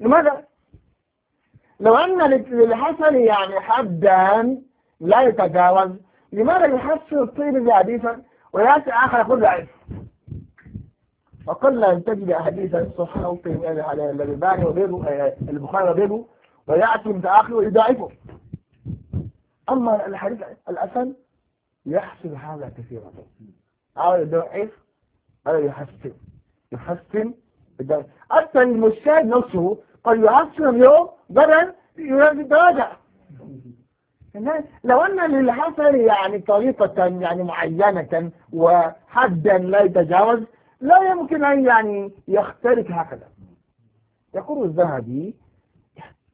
لماذا؟ لو أن للحسن يعني حدا لا يتجاوز لماذا يحسن الطيب حديثا ويأتي آخر يقول ضعيف وقلنا أن تجد أحاديث الصحة وطيب يعني على الألباني وغيره آه، البخاري وغيره ويأتي متأخر ويضعفه أما الحديث الأسن يحسن هذا كثيرا هذا يضعف هذا يحسن يحسن أصلا المجتهد نفسه قد يعصر يوم بدل يراد الدرجة لو أن للحسن يعني طريقة يعني معينة وحدا لا يتجاوز لا يمكن أن يعني يخترق هكذا يقول الذهبي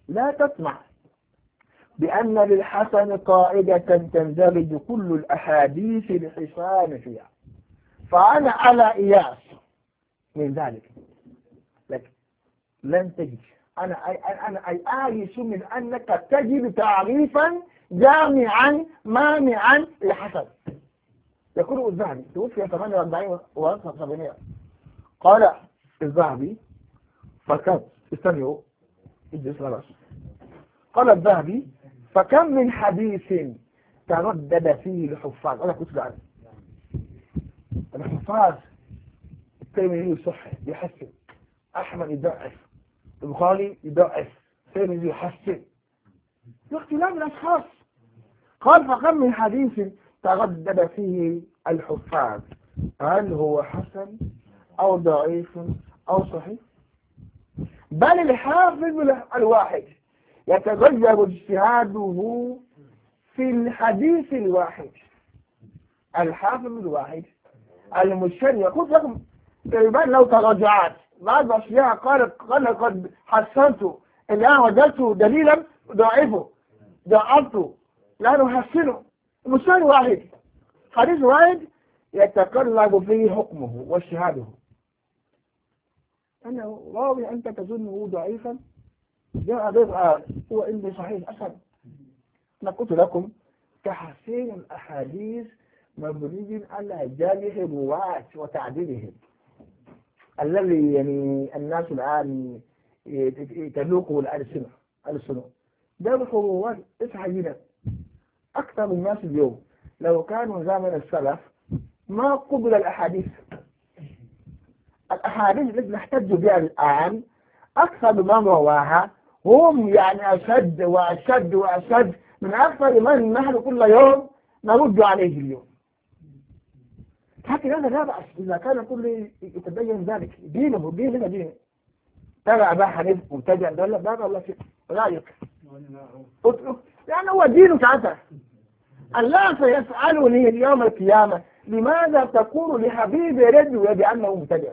لا تسمع بأن للحسن قاعدة تندرج كل الأحاديث الحصان فيها فأنا على إياس من ذلك لك لن تجد أنا أي أنا أي آيس من أنك تجد تعريفا جامعا مانعا لحسن يقول الذهبي توفي 48 و75 قال الذهبي فكم استنوا اجلس على قال الذهبي فكم من حديث تردد فيه الحفاظ انا كنت قاعد الحفاظ الترمذي يصح يحسن أحمد يضعف البخاري يضعف الترمذي يحسن في اختلاف الأشخاص قال فكم من حديث تردد فيه الحفاظ هل هو حسن أو ضعيف أو صحيح بل الحافظ الواحد يتغير اجتهاده في الحديث الواحد الحافظ الواحد المشتري يقول لكم طيب، لو تراجعت بعد ما قال قال قد حسنته اللي انا وجدته دليلا ضعفه ضعفته لا نحسنه مثال واحد حديث واحد يتقلب فيه حكمه واجتهاده أنا راوي أنت تظنه ضعيفا جاء ضعف آه، هو إني صحيح أسد أنا قلت لكم تحسين الأحاديث مبني على جانب الرواة وتعديلهم الذي يعني الناس الآن تذوقه الألسنة الألسنة ده بحروات اسعى جدا أكثر الناس اليوم لو كانوا زمن السلف ما قبل الأحاديث الأحاديث التي نحتج بها الآن أكثر من رواها هم يعني أشد وأشد وأشد من أكثر من نحن كل يوم نرد عليه اليوم لكن هذا لا بأس إذا كان كل يتبين ذلك دينه دينه دينه ترى أبا حنيف مبتدع ده لا باب الله فيك رأيك اترك لأنه يعني هو دينه أنت الله سيسألني اليوم القيامة لماذا تقول لحبيبي رجل بأنه مبتدع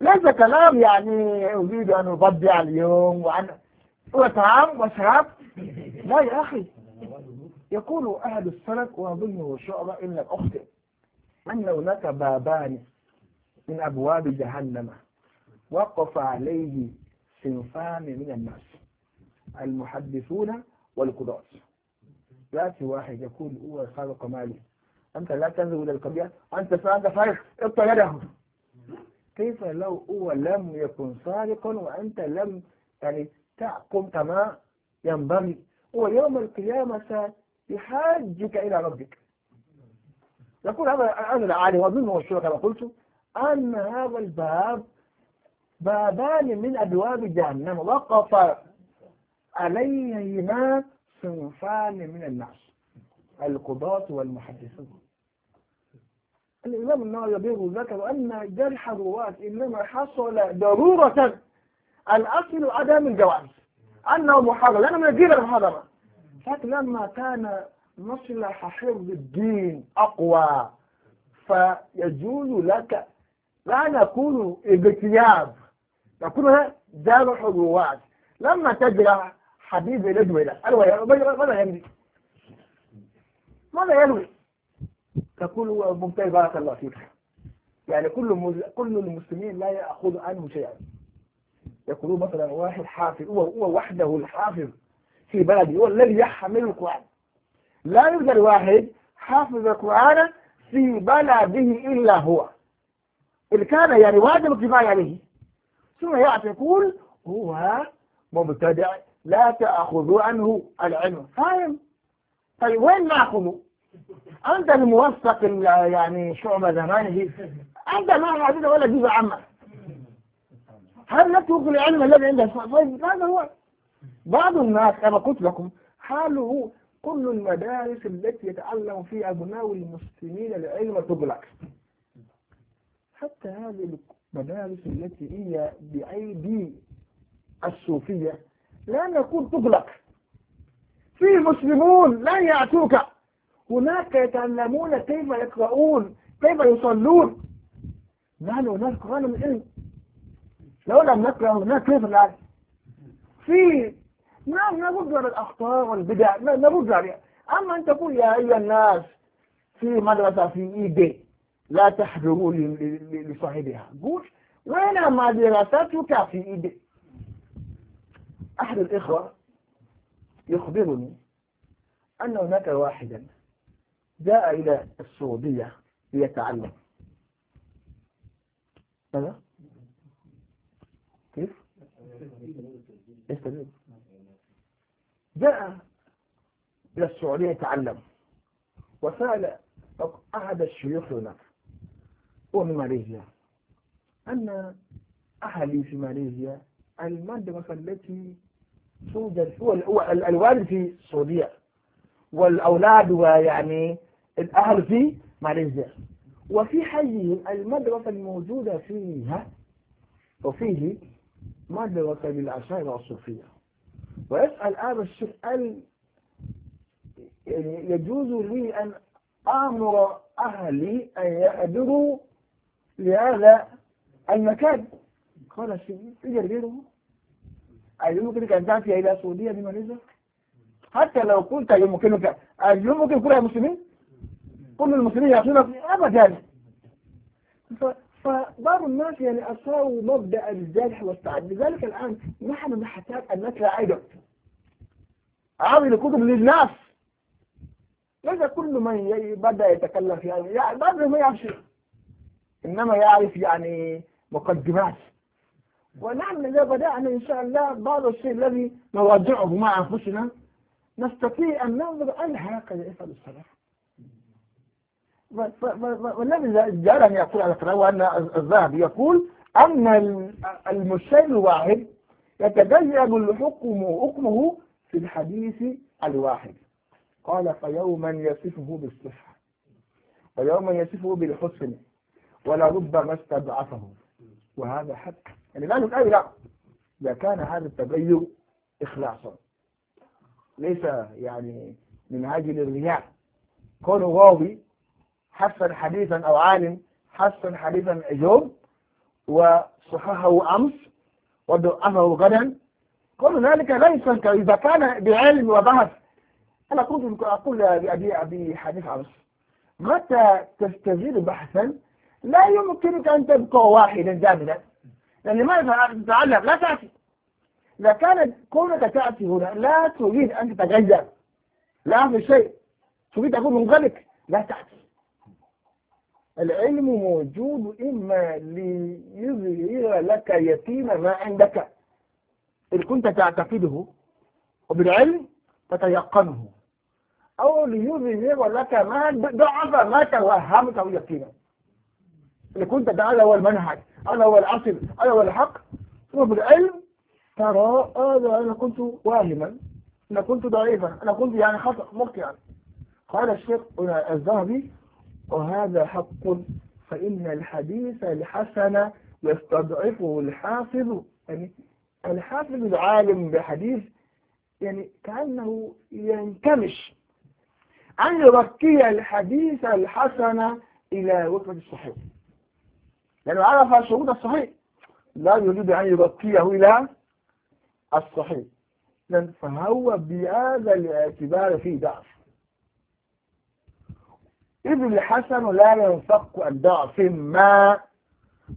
ليس كلام يعني أريد أن اضبع اليوم وأن وطعام وشراب لا يا أخي يقول أهل السلف وأظنه شعبة ان أخطئ أن هناك بابان من أبواب جهنم وقف عليه صنفان من الناس المحدثون والقضاة ذات واحد يقول هو خالق مالي أنت لا تنزل إلى القبيلة أنت سأنت فارغ اقطع يده كيف لو هو لم يكن سارقا وأنت لم يعني تحكم كما ينبغي هو يوم القيامة يحاجك إلى ربك يقول هذا أنا العالم وأظن والشيخ كما قلت أن هذا الباب بابان من أبواب جهنم وقف عليهما صنفان من الناس القضاة والمحدثون الإمام النووي بيغ ذكر أن جرح الرواة إنما حصل ضرورة الأصل عدم الجواز أنه محاضر لأنه من الجيل المحاضرة لكن لما كان مصلحة حفظ الدين أقوى فيجوز لك لا نكون اغتياب نكون دار الرواة لما تجرى حبيب الأجوبة ماذا ينوي؟ ماذا ينوي؟ تقول ممتاز بارك الله فيك يعني كل كل المسلمين لا يأخذ عنه شيئا يقولون مثلا واحد حافظ هو هو وحده الحافظ في بلده هو الذي يحمل القرآن لا يوجد واحد حافظ القرآن في بلده إلا هو إن كان يعني واجب الكفاية عليه ثم يأتي يقول هو مبتدع لا تأخذوا عنه العلم فاهم طيب وين ناخذه؟ أنت الموثق يعني شعبة زمانه أنت ما عدد ولا جزء عمه هل نترك العلم الذي عنده طيب، هذا هو بعض الناس أنا قلت لكم حاله كل المدارس التي يتعلم فيها أبناء المسلمين العلم تغلق حتى هذه المدارس التي هي بأيدي الصوفية لا نقول تغلق في مسلمون لا يأتوك هناك يتعلمون كيف يقرؤون كيف يصلون نحن هناك قرآن العلم لو لم نقرأ هناك كيف نعرف في نعم نبذ على الأخطاء والبدع نبذ عليها أما أن تقول يا أيها الناس في مدرسة في إيدي لا تحضروا لصاحبها قول وين مدرستك في إيدي أحد الإخوة يخبرني أن هناك واحدا جاء إلى السعودية ليتعلم ماذا؟ كيف؟ يستمر جاء إلى السعودية يتعلم وسأل أحد الشيوخ هناك هو من ماليزيا أن أهلي في ماليزيا المدرسة التي توجد هو الوالد في السعودية والأولاد ويعني الأهل في ماليزيا وفي حيهم المدرسة الموجودة فيها وفيه مدرسة للأشاعرة الصوفية ويسأل هذا السؤال يعني يجوز لي أن آمر أهلي أن يعبروا لهذا المكان قال السيد اجر غيره هل يمكنك أيوة، أن تأتي إلى سعودية بماليزيا حتى لو قلت يمكنك هل يمكن كل المسلمين كل المسلمين يعطونك أبدا فبعض الناس يعني أصاروا مبدأ الجرح والتعب لذلك الآن نحن نحتاج أن نتلع أيضا عاوي الكتب للناس ليس كل من بدأ يتكلم في هذا يعني بعضهم ما يعرف شيء إنما يعرف يعني مقدمات ونحن إذا بدأنا إن شاء الله بعض الشيء الذي نراجعه مع أنفسنا نستطيع أن ننظر هل هكذا يفعل الصلاح والذي جعل أن يقول على فراوة أن الذهب يقول أما المشاي الواحد يتجنب الحكم حكمه في الحديث الواحد قال فيوما يصفه بالصحة ويوما يصفه بالحسن ولربما استضعفه وهذا حق يعني لا أي لا إذا كان هذا التغير إخلاصا ليس يعني من أجل الرياء كونه راوي حسن حديثا أو عالم حسن حديثا اليوم وصححه أمس وضعفه غدا كل ذلك ليس إذا كان بعلم وبحث أنا كنت أقول لأبي أبي حديث أمس متى تستزيد بحثا لا يمكنك أن تبقى واحدا جامدا يعني لأن ماذا تتعلم لا تأتي إذا كانت كونك تأتي هنا لا تريد أن تتغير لا في شيء تريد أن تكون منغلق لا تأتي العلم موجود إما ليظهر لك يتيم ما عندك إن كنت تعتقده وبالعلم تتيقنه أو ليظهر لك ما ضعف ما توهمته يقينا إن كنت هذا هو المنهج هذا هو الأصل هذا هو الحق وبالعلم ترى هذا أنا كنت واهما أنا كنت ضعيفا أنا كنت يعني خطأ مخطئا قال الشيخ الذهبي وهذا حق فإن الحديث الحسن يستضعفه الحافظ يعني الحافظ العالم بحديث يعني كأنه ينكمش أن يركي الحديث الحسن إلى وفرة الصحيح لأنه عرف شروط الصحيح لا يريد أن يرقيه إلى الصحيح فهو بهذا الاعتبار في ضعف إذ الحسن لا ينفك عن ضعف ما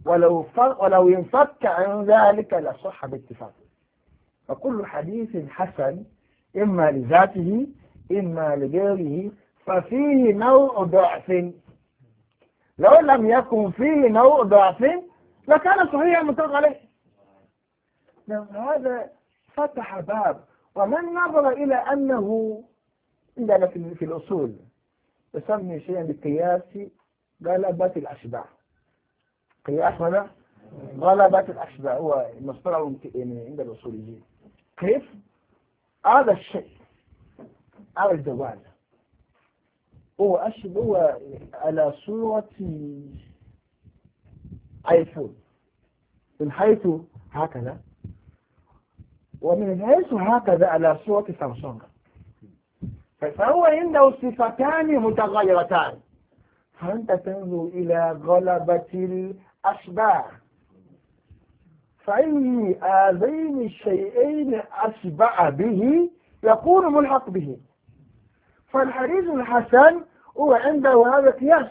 ولو ولو ينفك عن ذلك لصح باتفاق فكل حديث حسن إما لذاته إما لغيره ففيه نوع ضعف لو لم يكن فيه نوع ضعف لكان صحيحا متفق عليه نعم، هذا فتح باب ومن نظر إلى أنه عندنا في الأصول يسمي شيئا بالقياس غلبة الأشباع قياس ماذا؟ غلبة الأشباع هو مصدره يعني عند الأصوليين كيف؟ هذا الشيء هذا الجوال هو أشبه هو على صورة ايفون من حيث هكذا ومن حيث هكذا على صورة سامسونج فهو عنده صفتان متغيرتان فأنت تنظر إلى غلبة الأشباه فأي هذين الشيئين أشبع به يكون ملحق به فالحديث الحسن هو عنده هذا القياس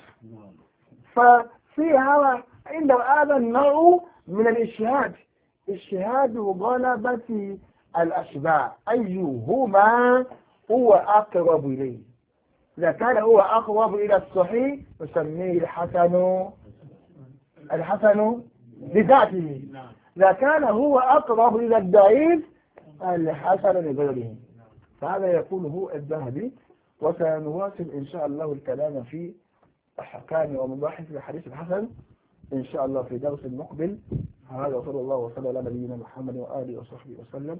ففي هذا عنده هذا النوع من الاجتهاد اجتهاد غلبة الأشباع أيهما هو أقرب إليه إذا كان هو أقرب إلى الصحيح نسميه الحسن الحسن لذاته إذا كان هو أقرب إلى الضعيف الحسن لغيره فهذا يقول هو الذهبي وسنواصل إن شاء الله الكلام في أحكام ومباحث الحديث الحسن إن شاء الله في درس مقبل هذا صلى الله وسلم على نبينا محمد وآله وصحبه وسلم